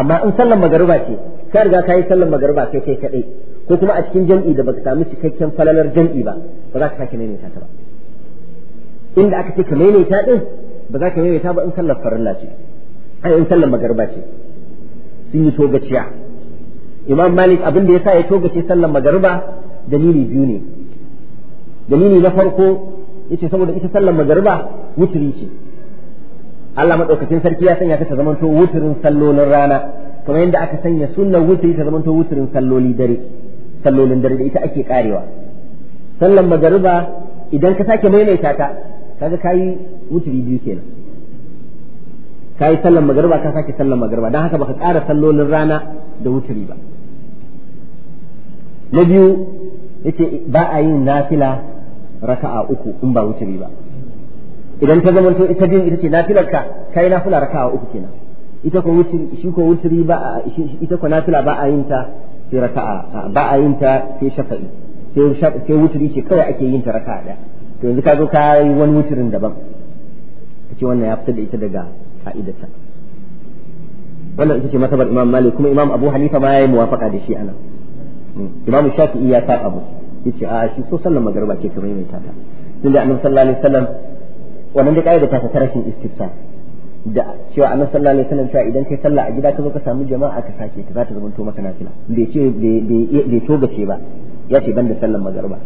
amma in sallar magariba ce ka riga yi sallar magariba kai kai kadai ko kuma a cikin jam'i da baka samu cikakken falalar jam'i ba ba za ka sake maimaita ta ba inda aka ce ka maimaita din ba za ka maimaita ba in sallar farilla ce ai in sallar magariba ce sun yi togaciya imam malik abin da ya sa ya togace sallar magariba dalili biyu ne dalili na farko yace saboda ita sallar magariba wuturi ce Allah madaukakin sarki ya sanya ta ta zamanto wuturin sallolin rana kamar yadda aka sanya sunnar wuturi ta zamanto wuturin salloli dare sallolin dare da ita ake karewa sallar magariba idan ka sake maimaita ta kaga yi wuturi biyu kenan yi sallar magariba ka sake sallar magariba dan haka baka ƙara sallolin rana da wuturi ba na biyu yace ba a yin nafila raka'a uku in ba wuturi ba idan ta zama to ita din ita ce nafilar ka kai nafila raka'a uku kenan ita ko wuturi shi ko wuturi ba a ita ko nafila ba a yin ta sai raka'a ba a yin ta sai shafa'i sai wuturi ce kawai ake yin ta raka'a daya to yanzu ka zo ka yi wani wuturin daban kace wannan ya fitar da ita daga ka'idata wannan ita ce matabar Imam Malik kuma Imam Abu Hanifa ma yayi muwafaqa da shi anan imamu shafi'i ya saba abu yace a shi so sallan magariba ke kamar yin tata da annabi sallallahu alaihi wasallam wannan da kaida ta ta rashin istifsa da cewa annabi sallallahu alaihi wasallam cewa idan kai sallah a gida ka zo ka samu jama'a ka sake ta za ta zama to maka nafila bai ce bai togace ba ya ce banda sallan magariba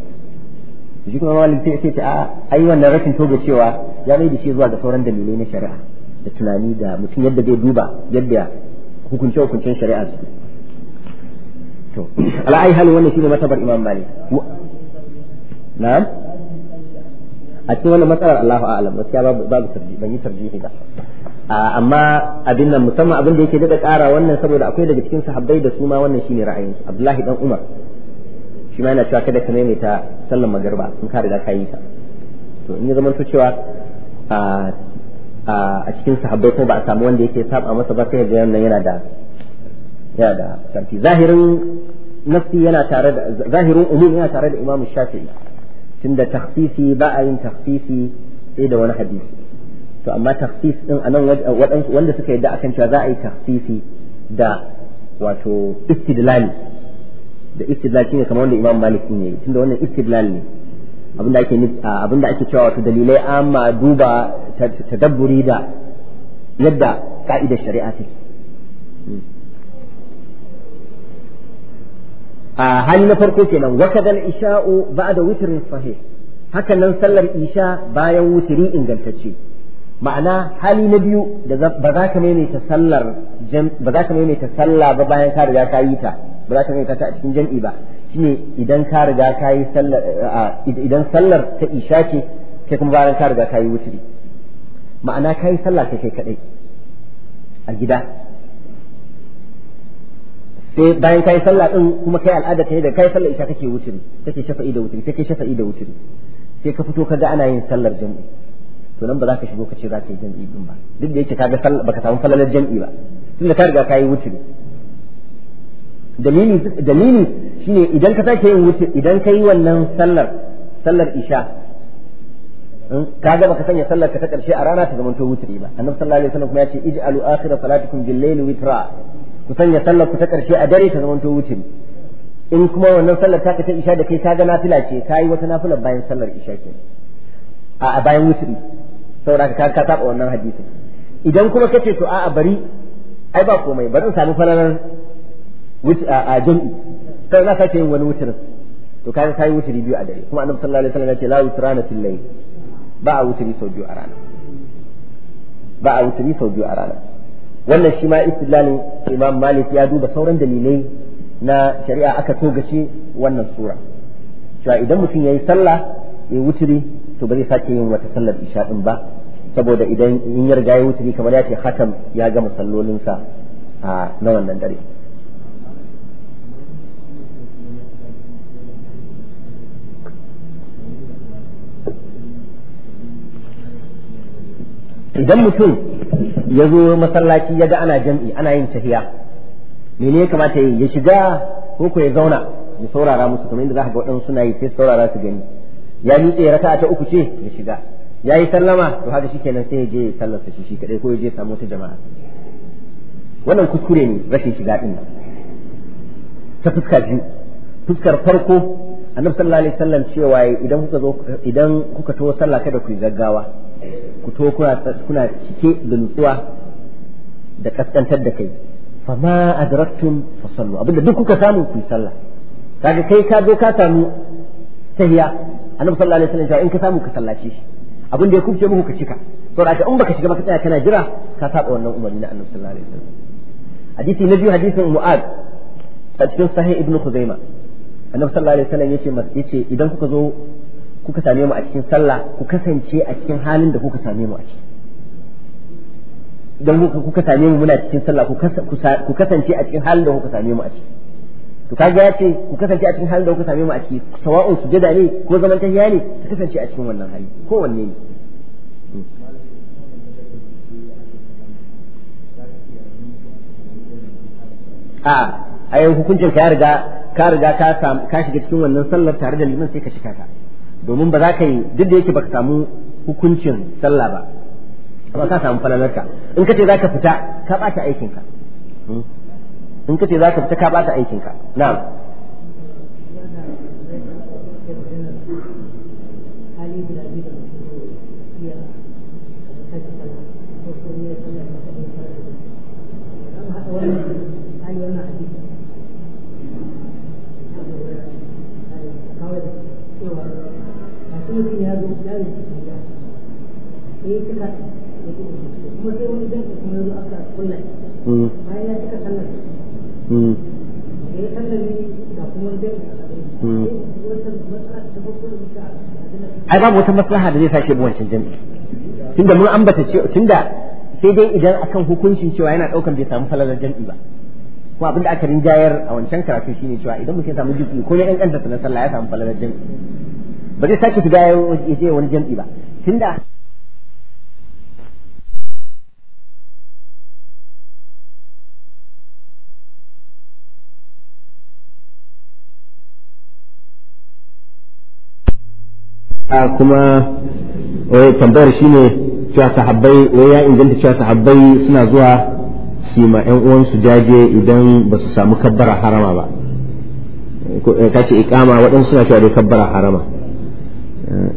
shi kuma malik sai ce a ai wannan rashin togacewa ya mai da shi zuwa ga sauran dalilai na shari'a da tunani da mutum yadda zai duba yadda hukunce-hukuncen shari'a su to ala ai wannan shine matabar imam malik na'am a cikin wannan matsalar Allahu a'lam gaskiya babu babu tarji ban yi tarjihi ba amma abin nan musamman abin da yake daga ƙara wannan saboda akwai daga cikin sahabbai da su ma wannan shine ra'ayinsu Abdullahi dan Umar shi ma yana cewa kada ka maimaita sallan magarba in ka riga ka yi ta to in ya zama to cewa a cikin sahabbai kuma ba a samu wanda yake saba masa ba sai ga nan yana da yana da zahirin nassi yana tare da zahirin umum yana tare da imamu shafi'i tunda takhsisi ba a yin takhsisi sai da wani hadisi to amma takhsis din anan waɗansu wanda suka yadda akan cewa za a yi takhsisi da wato istidlali da istidlal ne kamar wanda imam malik ne tunda wannan istidlal ne abinda ake abinda ake cewa wato dalilai amma duba tadabburi da yadda ka'idar shari'a take hmm. a hali na farko kenan wa kadal isha'u ba'da witrin sahih haka nan sallar isha bayan wutiri ingantacce ma'ana hali na biyu da ba za ka maimaita sallar ba za ka maimaita sallah ba bayan ka riga ka yi ta ba za ka maimaita ta a cikin jam'i ba shine idan ka riga ka yi sallar idan sallar ta isha ce kai kuma bayan ka riga ka yi wutiri ma'ana ka yi sallah kai kai kadai a gida sai bayan kai sallah din kuma kai al'ada kai da kai sallah isha kake wuturi kake shafa'i da wuturi kake shafa'i da wuturi sai ka fito kaga ana yin sallar jam'i to nan ba za ka shigo ka ce za ka yi jam'i din ba duk da yake kaga sallah baka samu falalar jam'i ba tunda ka riga kai wuturi dalili dalili shine idan ka sake yin wuturi idan ka yi wannan sallar sallar isha ka ga baka sanya sallar ka ta karshe a rana ta zamanto wuturi ba annabi sallallahu alaihi wasallam kuma ya ce ij'alu akhira salatikum bil-layli witra ku sanya sallar ku ta ƙarshe a dare ta zamanto wuce in kuma wannan sallar ta ta isha da kai ta ga nafila ce ta yi wata nafila bayan sallar isha ke a bayan wuce saboda ka ka saba wannan hadisi idan kuma kace to a'a bari ai ba komai bari in sami falalar a jam'i kai za ka ce yin wani wuce to ta yi wuce biyu a dare kuma annabi sallallahu alaihi wasallam ya ce la wutrana fil layl ba a wuce sau biyu a rana ba a wuce sau biyu a rana wannan shi ma istidlalin imam malik ya duba sauran dalilai na shari'a aka togace wannan sura cewa idan mutum ya yi sallah ya wuturi to ba zai sake yin wata sallar isha din ba saboda idan in ya riga ya wuturi kamar ya ce hatam ya gama sallolinsa a na wannan dare idan mutum ya zo masallaci ya ga ana jam'i ana yin tafiya mene ya kamata ya shiga ko ko ya zauna ya saurara musu kamar inda za ka ga waɗansu suna yi sai saurara su gani ya ya raka ta uku ce ya shiga ya yi sallama to haka shi kenan sai ya je sallar sa shi kaɗai ko ya je samu wata jama'a wannan kuskure ne rashin shiga ɗin ta fuska biyu fuskar farko annabi sallallahu alaihi wasallam cewa idan kuka zo idan kuka taho sallah kada ku yi gaggawa ku to kuna cike da nutsuwa da kaskantar da kai ma adraktum fa sallu abinda duk kuka samu ku sallah kaga kai ka zo ka samu tahiya annabi sallallahu alaihi wasallam in ka samu ka sallace shi abinda ya kubce muku ka cika saboda ka in baka shiga maka tsaya kana jira ka saba wannan umarni na annabi sallallahu alaihi wasallam hadisi na biyu hadisin mu'ad a cikin sahih ibnu khuzaimah annabi sallallahu alaihi wasallam yace yace idan kuka zo kuka same mu a cikin sallah ku kasance a cikin halin da kuka same mu a ciki don kuka same mu muna cikin sallah ku kasance a cikin halin da kuka same mu a ciki to kaga ya ce ku kasance a cikin halin da kuka same mu a ciki sawa'un sujada ne ko zaman tahiya ne ku kasance a cikin wannan hali ko wanne ne a a yau hukuncin ka riga ka riga ka shiga cikin wannan sallar tare da liman sai ka shiga ka domin ba za ka yi duk da yake ba ka samu hukuncin sallah ba ba ka samu falalarka in ka ce za ka fita ka ɓata aikinka hmm? in ka ce za ka fita ka ɓata aikinka na'am babu wata maslaha da zai sashe bi wancan jami'i tunda mun ambata tunda sai dai idan akan hukuncin cewa yana daukan bai samu falalar jami'i ba ko abin da aka rinjayar a wancan karatu shine cewa idan mutum ya samu jiki ko ya yan sanar sallah ya samu falalar jami'i ba zai sake shiga ya je wani jami'i ba tunda a kuma wai eh, tambayar ne cewa sahabbai wai ya inganta cewa sahabbai suna zuwa su ma ƴan uwansu jaje idan ba su samu kabbara harama ba eh, eh, kace ikama waɗansu suna cewa dai kabbara harama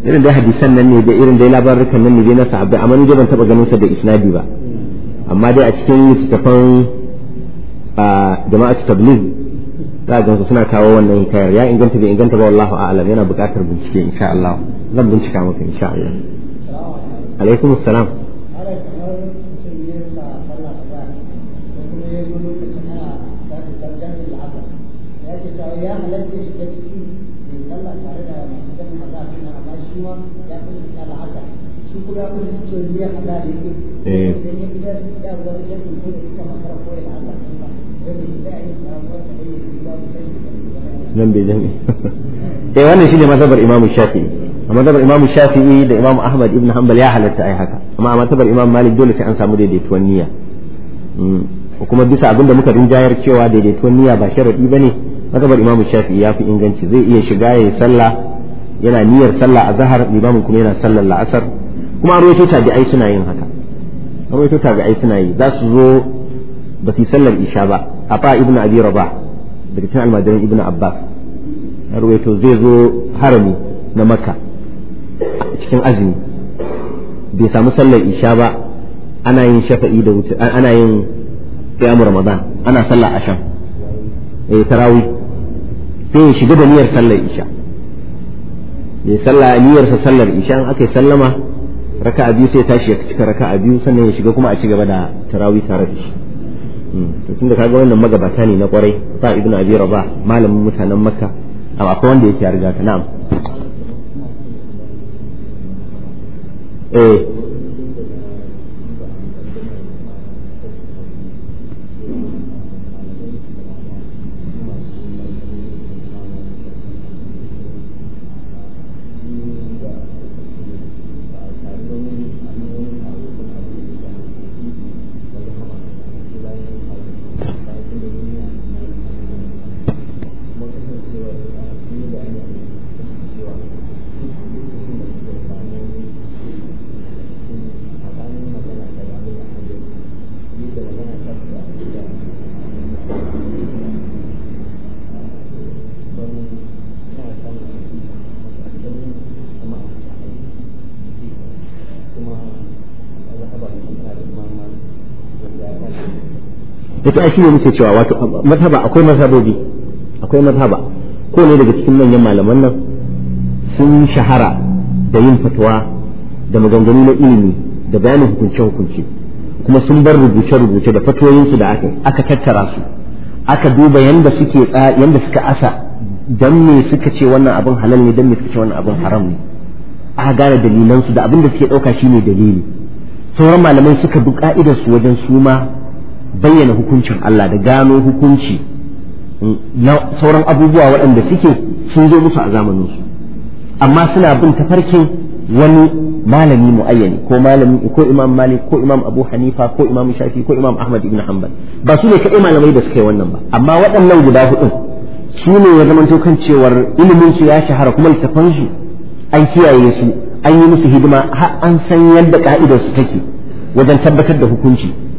irin dai hadisan nan ne da irin dai labarukan nan ne dai na sahabbai amma ni ban taba ganin sa da isnadi ba amma dai a cikin littattafan jama'atu tabligh za ga suna kawo wannan hikayar ya inganta bai inganta ba wallahu a'lam yana buƙatar bincike insha Allah zan bincika maka insha Allah alaikum assalam eh. nan bai jami'i [LAUGHS] eh wannan shine mazabar imamu shafi'i a mazhabar imam shafi'i da imamu ahmad ibn hanbal ya halatta ai haka amma a mazhabar imam malik dole sai an samu daidaituwar niyya mm. kuma bisa abin da muka rinjayar cewa daidaituwar niyya ba sharadi bane mazhabar imam shafi'i ya fi inganci zai iya shiga yayi sallah yana niyyar sallah a zahar limamin kuma yana sallar la'asar kuma an rawaito tabi'ai suna yin haka an rawaito tabi'ai suna yi za su zo ba su sallar isha ba a fa ibnu abi rabah daga cikin almajirin ibnu abbas an rawaito zai zo harami na makka cikin azumi bai samu sallar isha ba ana yin shafa'i da wuce ana yin qiyamul ramadan ana sallar asham eh Tarawi sai ya shiga da niyyar sallar isha mai salla niyyar sa sallar isha an aka sallama raka biyu sai tashi ya cika raka biyu sannan ya shiga kuma a cigaba da tarawi tare da shi hmm, to tunda kaga wannan magabata ne na kwarai sa ibnu abi rabah malamin mutanen makka amma akwai wanda yake ya riga ka na'am 嗯。to shi ne muke cewa wato mazhaba akwai mazhabobi akwai mazhaba ko ne daga cikin manyan malaman nan sun shahara da yin fatwa da maganganu na ilimi da bayanin hukunce hukunce kuma sun bar rubuce rubuce da fatoyinsu da aka aka tattara su aka duba yanda suke yanda suka asa dan me suka ce wannan abin halal ne dan me suka ce wannan abin haram ne aka gane dalilansu da abin da suke dauka shine dalili sauran malamai suka bi ka'idar su wajen suma bayyana hukuncin Allah da gano hukunci mm, na sauran abubuwa waɗanda suke sun zo musu a zamanin su amma suna bin tafarkin wani malami muayyani ko malami ko imam malik ko imam abu hanifa ko imam shafi ko imam ahmad ibn hanbal ba su ne kaɗai malamai da suka wannan ba amma waɗannan guda hudu su ne ya zamanto kan cewar ilimin su ya shahara kuma littafan su an kiyaye su an yi musu hidima har an san yadda ka'idar su take wajen tabbatar da hukunci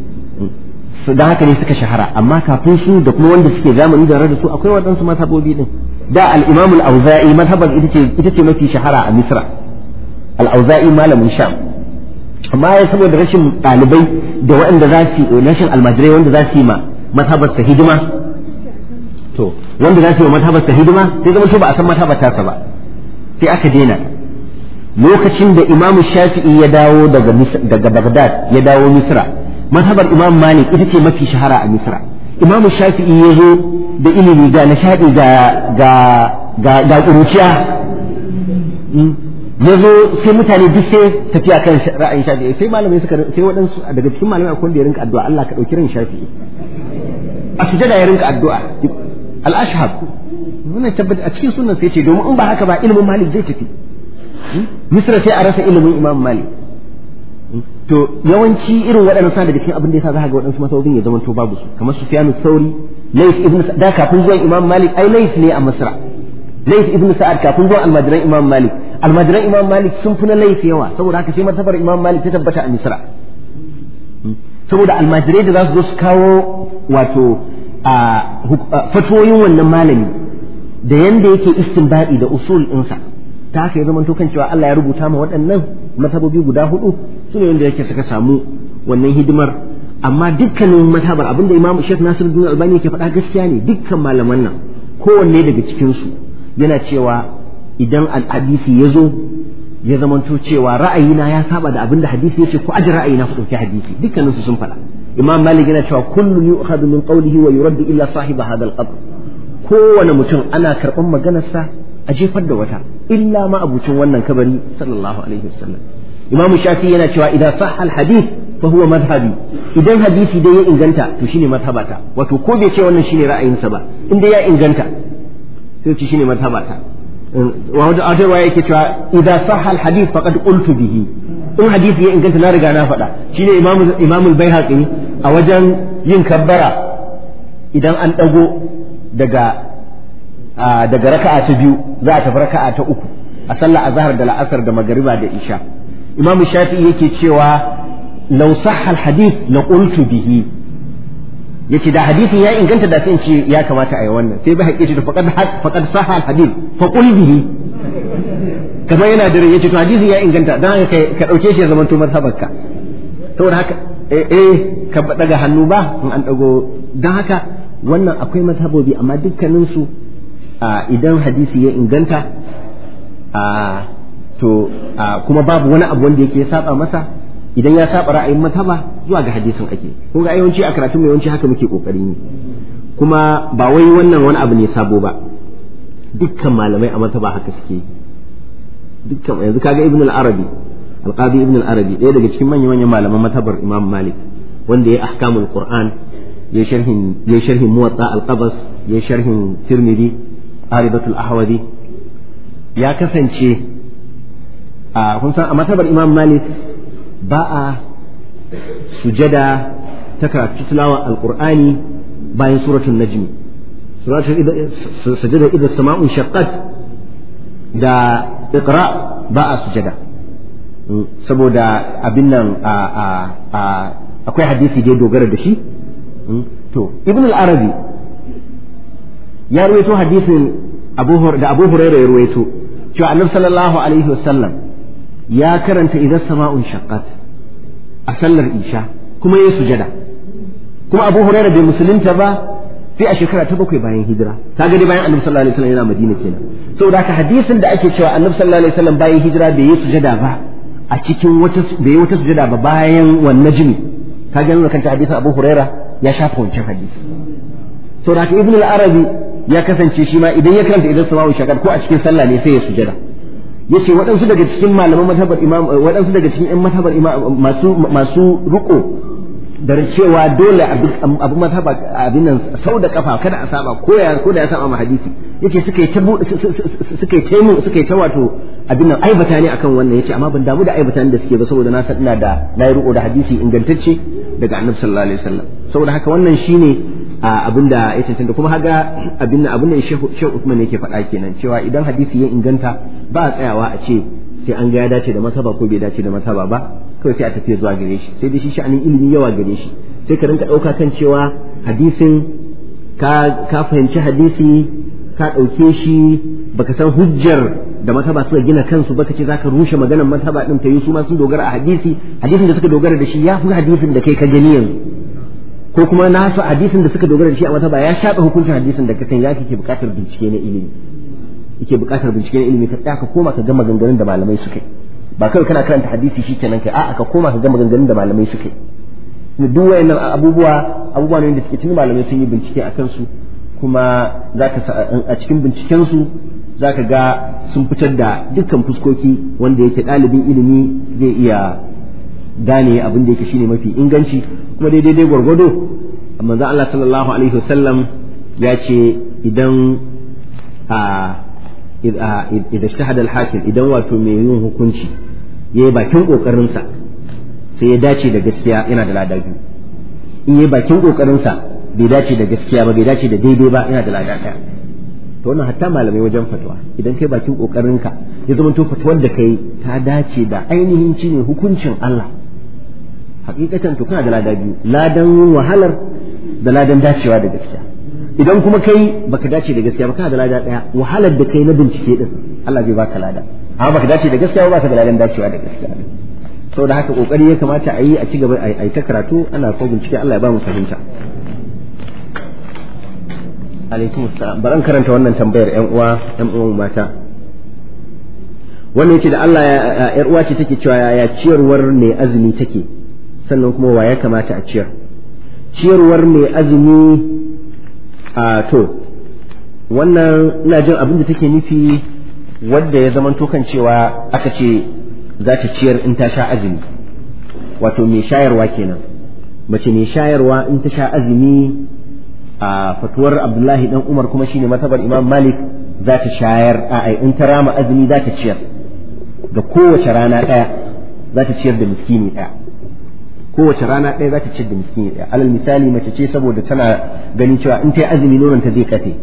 su da haka ne suka shahara amma kafin su da kuma wanda suke zamani da da su akwai waɗansu mazhabobi din da al-Imam al-Auza'i mazhabar ita ce ita ce mafi shahara a Misra al-Auza'i malamin Sham amma ya saboda rashin ɗalibai da waɗanda za su rashin almajirai wanda za su yi ma mazhabar ta hidima to wanda za su yi mazhabar ta hidima sai zama ba a san mazhabar tasa ba sai aka daina lokacin da Imam Shafi'i ya dawo daga daga Baghdad ya dawo Misra mazhabar imam malik ita ce mafi shahara a misra imam shafi'i ya zo da ilimi ga nishadi ga ga ga ga kuruciya ya zo sai mutane duk sai tafiya kan ra'ayin shafi'i sai malamai suka sai waɗansu daga cikin malamai akwai wanda ya rinka addu'a Allah ka ɗauki ran shafi'i a sujada ya rinka addu'a al-ashhab wannan tabbata a cikin sunan sai ce domin in ba haka ba ilimin malik zai tafi hmm? misra sai a rasa ilimin imam malik to yawanci irin waɗannan sa daga cikin abin da yasa za ga waɗansu masaukin ya zama to babu su kamar Sufyan sauri Layth ibn Sa'ad kafin zuwan Imam Malik ai Layth ne a Misra Layth ibn Sa'ad kafin zuwan almajiran Imam Malik almajiran Imam Malik sun fi na Layth yawa saboda haka sai martabar Imam Malik ta tabbata a Misra hmm. saboda almajirai da za su zo su kawo wato a fatoyin wannan malami da yanda yake istinbadi da usul ɗinsa ta haka ya zama to kan cewa Allah ya rubuta ma waɗannan masabobi guda hudu su ne wanda yake suka samu wannan hidimar amma dukkanin mazhabar abinda imamu shek nasiruddin albani yake faɗa gaskiya ne dukkan malaman nan kowanne daga cikinsu yana cewa idan al'adisi ya zo ya zamanto cewa ra'ayina ya saba da abinda hadisi ya ce ko aji ra'ayina ku ɗauki hadisi dukkaninsu sun faɗa imam malik yana cewa kullu yu'khadhu min qawlihi wa yuraddu illa sahiba hadha al-qabr kowane mutum ana karɓar maganarsa a jefar da wata illa ma abucin wannan kabari sallallahu alaihi wasallam imamu shafi yana cewa idan sahal hadith fa huwa madhhabi idan hadisi dai ya inganta to shine madhhabata wato ko bai ce wannan shine ra'ayinsa ba in dai ya inganta sai ce shine madhhabata eh, wa wata wata yake cewa idan sahal hadith faqad qultu bihi in hadisi ya inganta na riga na faɗa shine imamu imamul baihaqi a wajen yin kabbara idan an dago daga daga raka'a ta biyu za a tafi raka'a ta uku a sallah azhar da la'asar da magariba da isha imam shafi'i yake cewa law sahha hadith la qultu bihi yace da hadithin ya inganta da sai ce ya kamata a yi wannan sai bai haƙe da faqad faqad sahha hadith fa qul bihi kamar yana da yace to hadithin ya inganta dan haka ka dauke shi ya zama to mazhabarka saboda haka eh, eh ka daga hannu ba in an dago dan haka wannan akwai mazhabobi amma dukkaninsu idan hadisi ya inganta a to kuma babu wani abu wanda yake ya saba masa idan ya saba ra'ayin mataba zuwa ga hadisin ake ko ga yawanci a karatu mai yawanci haka muke kokarin yi kuma ba wai wannan wani abu ne sabo ba dukkan malamai a mataba haka suke dukkan yanzu kaga ibn al-arabi al-qadi ibn al-arabi ɗaya daga cikin manyan manyan malaman matabar imam malik wanda ya ahkamul qur'an ya sharhin ya sharhin muwatta al-qabas ya sharhin tirmidhi aribatul ahwadi ya kasance a ah, kun san a matabar imam malik ba a sujada ta karatu tilawa alqur'ani bayan suratul najmi suratul sujada idza sama'un shaqqat da iqra ba a sujada hmm, saboda abin nan akwai hadisi da dogara da shi hmm, to ibn al-arabi ya ruwaito hadisin da abu hurairah ya ruwaito cewa annabi sallallahu alaihi wasallam ya karanta idan sama'un shaqqat a sallar isha kuma ya sujada kuma Abu Huraira bai musulunta ba sai a shekara ta bakwai bayan hijira ta gani bayan Annabi sallallahu alaihi wasallam yana Madina kenan saboda haka hadisin da ake cewa Annabi sallallahu alaihi wasallam bayan hijira bai yi sujada ba a cikin wata bai yi wata sujada ba bayan wannan jini ka gani wannan kanta hadisin Abu Huraira ya shafa wancan hadisi saboda haka Ibn al-Arabi ya kasance shi ma idan ya karanta idan sama'un shaqqat ko a cikin sallah ne sai ya sujada yace waɗansu daga cikin malaman mazhabar imam waɗansu daga cikin ƴan mazhabar imam masu masu ruko da cewa dole abu mazhaba abin nan sau da kafa kada a saba ko ya ko da ya saba ma hadisi yace suka yi ta suka yi ta mu suka yi ta wato abin nan aibata ne akan wannan yace amma ban damu da aibata da suke ba saboda na san ina da na yi ruko da hadisi ingantacce daga annabi sallallahu alaihi wasallam saboda haka wannan shine abinda ya cancanta kuma haga abin abin da Sheikh Usman yake faɗa kenan cewa idan hadisi ya inganta ba a tsayawa a ce sai an ga ya dace da masaba ko bai dace da masaba ba kawai sai a tafi zuwa gare shi sai dai shi sha'anin ilimi yawa gare shi sai ka rinka ɗauka kan cewa hadisin ka ka fahimci hadisi ka ɗauke shi baka san hujjar da masaba suka gina kansu baka ce zaka rushe maganar masaba din ta yi su ma sun dogara a hadisi hadisin da suka dogara da shi ya fi hadisin da kai ka gani yanzu ko kuma na su hadisin da suka dogara da shi a ba ya shaɗa hukuncin hadisin da ka san ya ke buƙatar bincike na ilimi yake buƙatar bincike na ilimi ka tsaya ka koma ka ga maganganun da malamai suka yi ba kawai kana karanta hadisi shi kenan kai a'a ka koma ka ga maganganun da malamai suka yi duk wayannan abubuwa abubuwa ne da suke tuni malamai sun yi bincike a su kuma zaka a cikin binciken su zaka ga sun fitar da dukkan fuskoki wanda yake ɗalibin ilimi zai iya gane abin da yake shine mafi inganci kuma daidai dai gwargwado manzo Allah sallallahu alaihi wasallam ya ce idan a idan shahada al-hakim idan wato mai yin hukunci yayi bakin kokarin sa sai ya dace da gaskiya yana da lada biyu in yayi bakin kokarin sa bai dace da gaskiya ba bai dace da daidai ba yana da lada to wannan hatta malamai wajen fatwa idan kai bakin kokarinka ya zama to fatwar da kai ta dace da ainihin cinye hukuncin Allah hakikatan to kana da lada biyu ladan wahalar da ladan dacewa da gaskiya idan kuma kai baka dace da gaskiya ba kana da lada daya wahalar da kai na bincike din Allah zai baka lada amma baka dace da gaskiya ba ka da ladan dacewa da gaskiya da haka kokari ya kamata a yi a ci gaba a yi ta karatu ana ko bincike Allah ya ba mu fahimta alaikum assalam bari karanta wannan tambayar yan uwa yan uwan mata wannan yace da Allah ya yar uwa ce take cewa ya ciyarwar ne azumi take sannan kuma wa ya kamata a ciyar ciyarwar mai azumi a to wannan ina jin abin da take nufi wadda ya zama kan cewa aka ce za ta ciyar in ta sha azumi wato mai shayarwa kenan mace mai shayarwa in ta sha azumi a fatuwar abdullahi dan umar kuma shine matabar imam malik za ta shayar a in ta rama azumi za ta ciyar ga kowace rana ɗaya za ta ciyar da miskini ɗaya kowace rana ɗaya za ta ci da miskin ɗaya alal misali mace ce saboda tana ganin cewa in ta yi azumi nonon ta zai kafe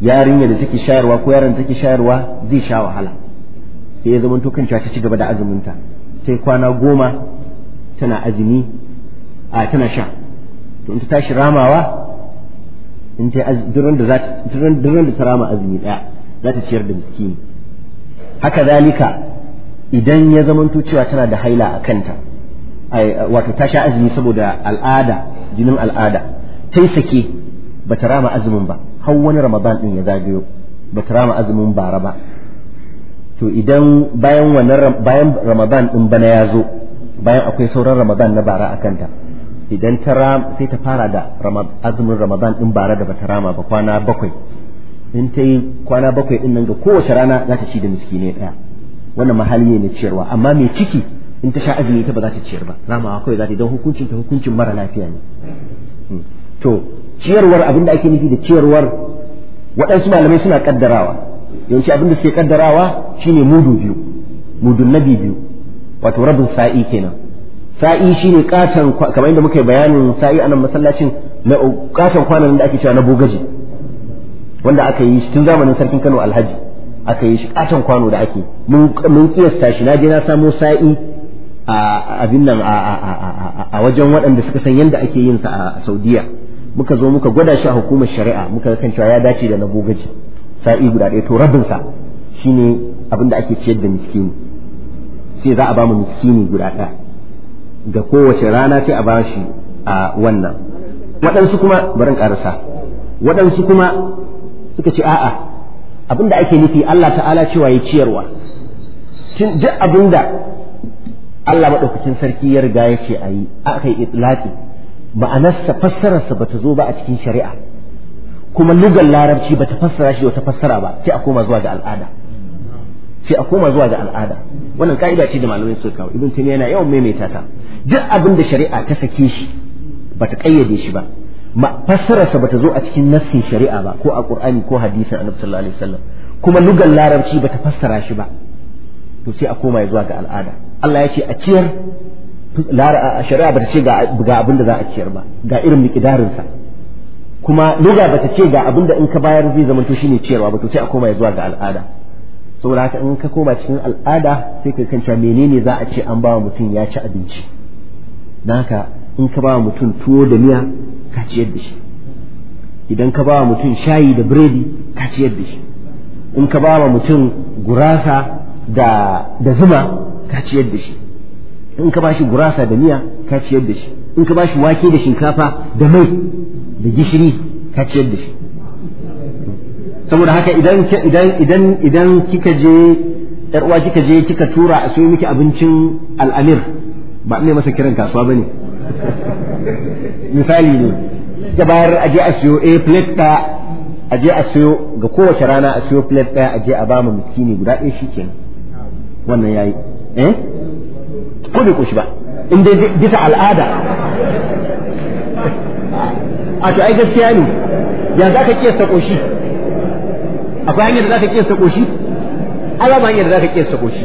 yarinya da take shayarwa ko yaron da take shayarwa zai sha wahala sai ya zama kan cewa ta ci gaba da azuminta sai kwana goma tana azumi a tana sha to in ta tashi ramawa in ta yi da duran da ta rama azumi ɗaya za ta ciyar da miskini haka zalika idan ya zamanto cewa tana da haila a kanta wato ta sha azumi saboda al'ada jinin al'ada ta sake ba ta rama azumin ba har wani ramadan din ya zagayo ba ta rama azumin bara ba to idan bayan wannan bayan ramadan din bana ya zo bayan akwai sauran ramadan na bara a kanta idan ta sai ta fara da azumin ramadan din bara da bata rama ba kwana bakwai in ta yi kwana bakwai din nan ga kowace rana za ta ci da miskine ɗaya wannan mahali ne na ciyarwa amma mai ciki in ta sha azumi ta ba za ta ciyar ba ramawa kawai za ta don hukuncin ta hukuncin mara lafiya ne hmm. to ciyarwar abin da ake nufi da ciyarwar waɗansu malamai suna kaddarawa yawanci abin da suke kaddarawa shine mudu biyu mudun nabi biyu wato rabin sa'i kenan sa'i shine katon kamar da muka yi bayanin sa'i anan masallacin na katon kwanan da ake cewa na bogaji wanda aka yi shi tun zamanin sarkin Kano Alhaji aka yi shi katon kwano da ake mun kiyasta shi na je na samo sa'i abin nan a wajen waɗanda suka san yadda ake yin sa a saudiya muka zo muka gwada shi a hukumar shari'a muka kan cewa ya dace da na gogaji sa'i guda ɗaya to rabinsa ne abin da ake ciyar da miskini sai za a ba mu miskini guda ɗaya ga kowace rana sai a ba shi a wannan waɗansu kuma barin ƙarasa waɗansu kuma suka ce a'a abin da ake nufi Allah ta'ala cewa ya ciyarwa duk abin da Allah maɗaukacin sarki ya riga ya ce a yi aka yi itlaƙi ma'anarsa fassararsa ba ta zo ba a cikin shari'a kuma lugar larabci ba ta fassara shi wata fassara ba sai a koma zuwa ga al'ada sai a koma zuwa ga al'ada wannan ka'ida ce da malamai sun kawo ibn taymiya yana yawan maimaita ta duk abin da shari'a ta sake shi ba ta kayyade shi ba fassararsa ba ta zo a cikin nassin shari'a ba ko a qur'ani ko hadisin annabi sallallahu alaihi wasallam kuma lugar larabci ba ta fassara shi ba to sai a koma zuwa ga al'ada Allah ya ce a ciyar shari'a bata ce ga abin da za a ciyar ba ga irin sa kuma luga bata ce ga abin da in ka bayar zai to shine ciyarwa ba to sai a koma zuwa ga al'ada saboda haka in ka koma cikin al'ada sai ka kanta menene za a ce an ba mutum ya ci abinci dan haka in ka ba mutum tuwo da miya ka ciyar da shi idan ka ba mutum shayi da biredi ka ciyar da shi in ka ba mutum gurasa da da zuma ka ciyar da shi in ka bashi gurasa da miya ka ciyar da shi in ka bashi wake da shinkafa da mai da gishiri ka ciyar da shi saboda haka idan idan idan idan kika je yar uwa kika je kika tura a soyi miki abincin al'amir ba ne masa kiran kasuwa bane misali ne ya bayar a je a siyo a eh, plate ɗaya aje a siyo ga kowace rana a siyo plate ɗaya aje a ba mu miskini guda ɗaya shikenan wannan yayi eh ko bai koshi ba in dai bisa al'ada a to ai gaskiya ne ya za ka kiyasta koshi akwai hanyar da za ka kiyasta koshi ala ba hanyar da za ka kiyasta koshi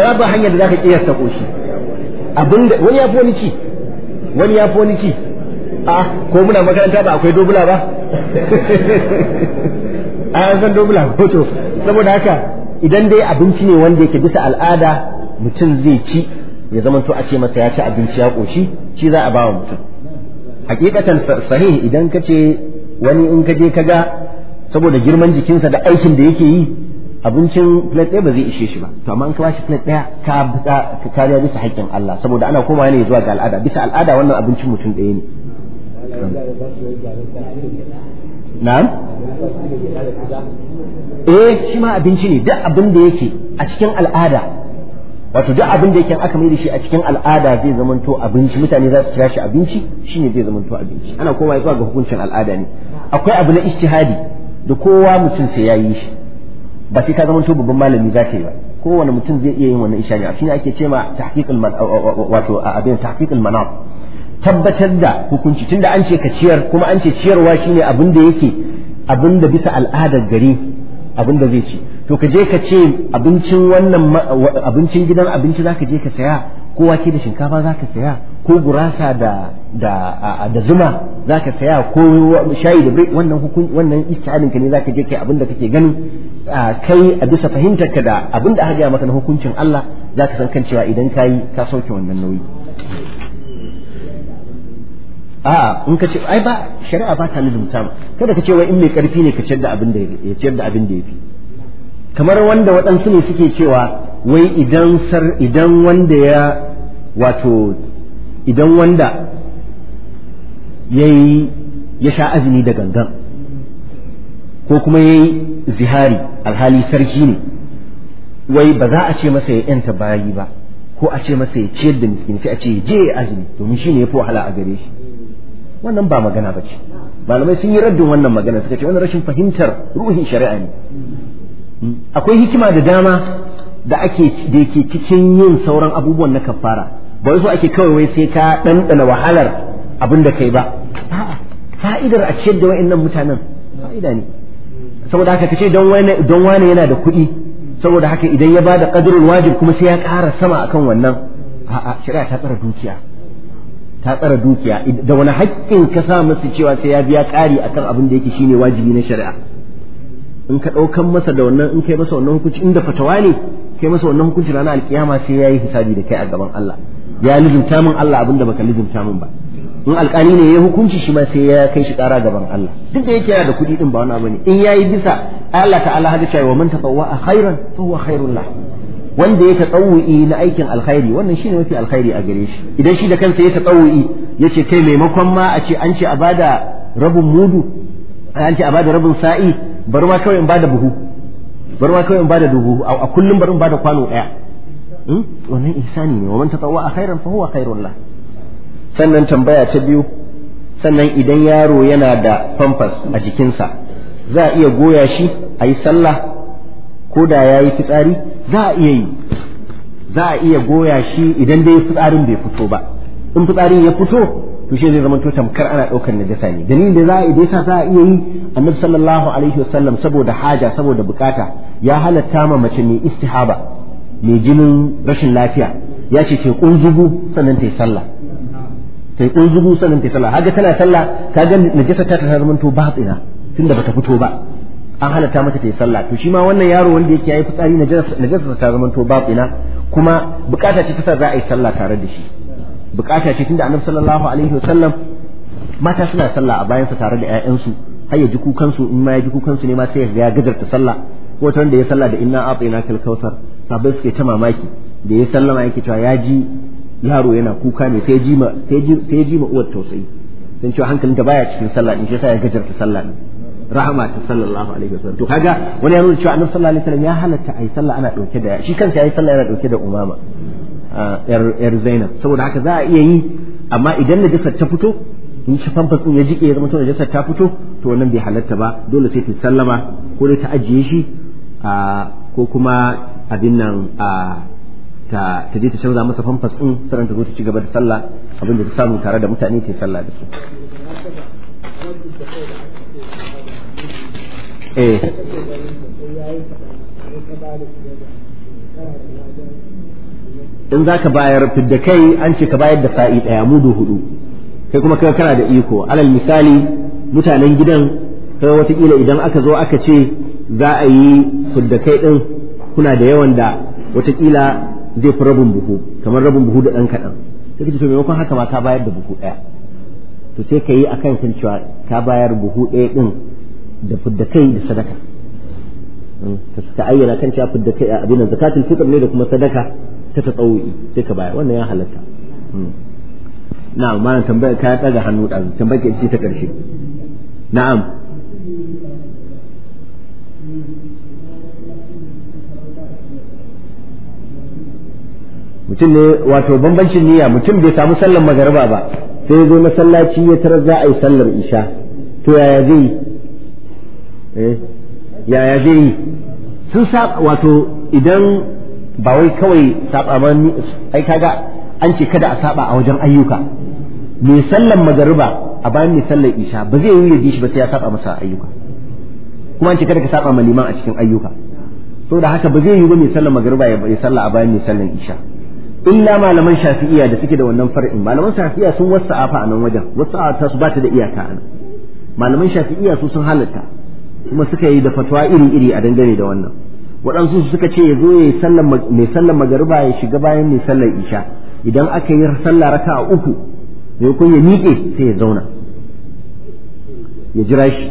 babu hanyar da za ka kiyasta koshi abinda wani ya wani ci wani ya wani ci a ko muna makaranta ba akwai dobula ba a [LAUGHS] san dobula to saboda haka idan dai abinci ne wanda yake bisa al'ada mutum zai ci ya zama to a ce masa ya ci abinci ya koshi shi za a ba wa mutum hakikatan sahih idan ka ce wani in ka je ka ga saboda girman jikinsa da aikin da yake yi abincin plate ɗaya ba zai ishe shi ba to amma in ka bashi plate ɗaya ka buka kariya bisa haƙƙin Allah saboda ana koma ne zuwa ga al'ada bisa al'ada wannan abincin mutum ɗaya ne na'am eh shi ma abinci ne duk abin da yake a cikin al'ada wato duk abin da yake aka mai da shi a cikin al'ada zai zamanto abinci mutane za su kira shi abinci shine zai zamanto abinci ana kowa zuwa ga hukuncin al'ada ne akwai abu na ijtihadi da kowa mutum sai yayi shi ba sai ka zamanto babban malami za ka yi ba kowane mutum zai iya yin wannan a shine ake ce ma tahqiqul wato abin tahqiqul manaf tabbatar da hukunci tunda an ce ka ciyar kuma an ce ciyarwa shine abin da yake da bisa al'adar gari da zai ci to ka je ka ce abincin wannan abincin gidan abinci zaka je ka saya ko wake da shinkafa ka saya ko gurasa da da da zuma zaka saya ko shayi da bai wannan hukun wannan istihalin ka ne zaka je kai kake ganin kai a bisa fahimtar ka da abinda aka gaya maka na hukuncin Allah zaka san kan cewa idan kayi ka sauke wannan nauyi a'a in ka ce ai ba shari'a ba ta lizumta ba kada ka ce wai in mai karfi ne ka ciyar da abin da ya ciyar da abin da ya fi kamar wanda waɗansu ne suke cewa wai idan sar idan wanda ya wato idan wanda yayi ya sha azumi da gangan ko kuma yayi zihari alhali sarki ne wai ba za a ce masa ya yanta bayi ba ko a ce masa ya ciyar da miskin sai a ce je ya azumi domin shine yafi wahala a gare shi wannan ba magana ba ce malamai sun yi raddin wannan magana suka ce wannan rashin fahimtar ruhin shari'a ne hmm. akwai hikima da dama da ake da yake cikin yin sauran abubuwan na kafara ba wai so ake kawai wai sai ka ɗanɗana wahalar abin da kai ba a'a fa'idar a ciyar da wa'annan mutanen fa'ida ne saboda haka kace don wani don wani yana da kuɗi saboda haka idan ya ba da qadrul wajib kuma sai ya ƙara sama akan wannan a'a shari'a ta tsara dukiya ta tsara dukiya da wani haƙƙin ka sa masa cewa sai ya biya ƙari akan abin da yake shine wajibi na shari'a in ka ɗaukan masa da wannan in kai masa wannan hukunci inda fatawa ne kai masa wannan hukunci ranar alkiyama sai ya yi hisabi da kai a gaban Allah ya lizumta min Allah abin da baka lizumta min ba in alƙali ne ya hukunci shi ma sai ya kai shi ƙara gaban Allah duk da yake yana da kuɗi din ba wani abu ne in yayi bisa Allah ta'ala haka cewa man tatawwa khairan fa huwa khairul lahu wanda ya tatsawu'i na aikin alkhairi wannan shine mafi alkhairi a gare shi idan shi da kansa ya tatsawu'i yace kai maimakon ma a ce an ce a bada rabin mudu an ce a bada rabin sa'i bar ma kawai in bada buhu bar ma kawai in bada dubu a kullum bari in bada kwano daya hmm? wannan ihsani ne wa man a khairan fa huwa khairun la sannan tambaya ta biyu sannan idan yaro yana da pampers a jikinsa za a iya goya shi a yi sallah ko da ya yi fitsari za a iya yi za a iya goya shi idan dai fitsarin bai fito ba in fitsarin ya fito to shi zai zama to tamkar ana daukar najasa ne dalilin da za a iya sa za a iya yi annabi sallallahu alaihi wasallam saboda haja saboda bukata ya halatta ma mace mai istihaba mai jinin rashin lafiya ya ce ce kunzugu sannan ta yi sallah ta yi kunzugu sannan ta yi sallah haga tana sallah ta ga najasa ta ta zama to batsina tunda bata fito ba an halatta mata ta yi sallah to shi ma wannan yaro wanda yake yayi fitsari jasa ta zama to ina kuma bukata ce ta sa za a yi sallah tare da shi bukata ce tunda annabi sallallahu alaihi wasallam mata suna sallah a bayansa tare da ƴaƴansu har ya ji kukansu in ma ya ji kukansu ne ma sai ya gajarta sallah ko ta wanda ya sallah da inna atina kal kautsar sabai suke ta mamaki da ya sallama yake cewa ya ji yaro yana kuka ne sai ji ma sai ji ma uwar tausayi dan cewa hankalinta baya cikin sallah in sai ya gajarta sallah ne rahama ta sallallahu alaihi wasallam to kaga wani ya nuna cewa annabi sallallahu alaihi wasallam ya halatta ayi sallah ana dauke da shi kansa yayi sallah yana dauke da umama yar yar Zainab saboda haka za a iya yi amma idan najasar ta fito in shi din ya jike ya zama to najasar ta fito to wannan bai halatta ba dole sai ta sallama ko dai ta ajiye shi ko kuma abin nan ta ta je ta canza masa famfas din sannan ta zo ta ci gaba da sallah abin da ta samu tare da mutane ta sallah da su eh in za ka bayar fidda kai an ce ka bayar da sa'i ɗaya mudu hudu kai kuma kai kana da iko alal misali mutanen gidan kai watakila idan aka zo aka ce za a yi fidda kai ɗin kuna da yawan da watakila zai fi rabin buhu kamar rabin buhu da ɗan kaɗan sai ka ce to maimakon haka ma ka bayar da buhu ɗaya to sai ka yi akan kan cewa ka bayar buhu ɗaya ɗin da fidda kai da sadaka hmm? ta ayyana kan cewa fidda kai abin nan zakatul fitr ne da kuma sadaka ta ta tsawuyi sai ka baya wannan ya halatta hmm. na'am ma tambaya ka daga hannu da tambaya ce ta karshe na'am mutum ne wato bambancin niyya mutum bai samu sallar magariba ba sai zo masallaci ya tarar za a yi sallar isha to yaya zai yi Eh? yaya zai yi sun saba wato idan ba wai kawai saba ma ai kaga an ce kada a saba a wajen ayyuka Me sallan magariba a bayan mai sallan isha ba zai yi yadda shi ba sai ya saba masa ayyuka kuma an ce kada ka saba ma liman a cikin ayyuka da haka ba zai yi ba me sallan magariba ya salla a bayan mai sallan isha illa malaman shafi'iya da suke da wannan far'in malaman shafi'iya sun wasa fa a nan wajen wasa ta su ba ta da iyaka a nan malaman shafi'iya su sun halatta kuma suka yi da fatwa iri-iri a dangane da wannan waɗansu suka ce ya zo ya mai sallar magariba ya shiga bayan mai sallar isha idan aka yi sallah raka a uku mai kun ya miƙe sai ya zauna ya jira shi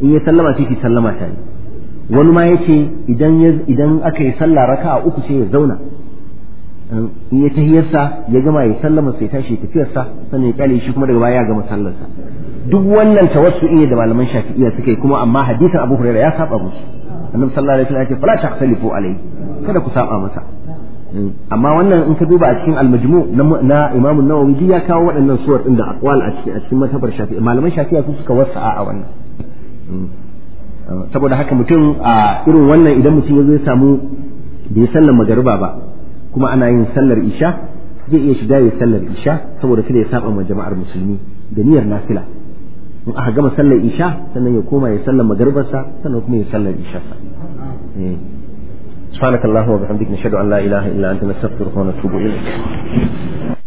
in ya sallama sai ki sallama ta ne wani ma yace idan idan aka yi sallah raka a uku sai ya zauna in ya tahiyarsa ya gama ya sallama sai tashi tafiyarsa sannan ya kyale shi kuma daga baya ya gama sallarsa duk wannan tawassu'i ne da malaman shafi'iyya suke kuma amma hadisin Abu Hurairah ya saba musu annabi sallallahu alaihi wasallam ya ce fala tahtalifu alaihi kada ku saba masa amma wannan in ka duba a cikin almajmu na Imam an-Nawawi ya kawo waɗannan suwar din da aqwal a cikin a cikin matabar shafi'i malaman shafi'iyya su suka wasa a wannan mm. saboda haka mutum a irin wannan idan mutum ya zo ya samu bai sallar magariba ba kuma ana yin sallar isha zai iya shiga ya sallar isha saboda kada ya saba ma jama'ar musulmi da niyyar nafila in aka gama sallar isha sannan ya koma ya sallar magaribarsa sannan kuma ya sallar isharsa سبحانك اللهم وبحمدك نشهد ان لا اله الا انت نستغفرك ونتوب اليك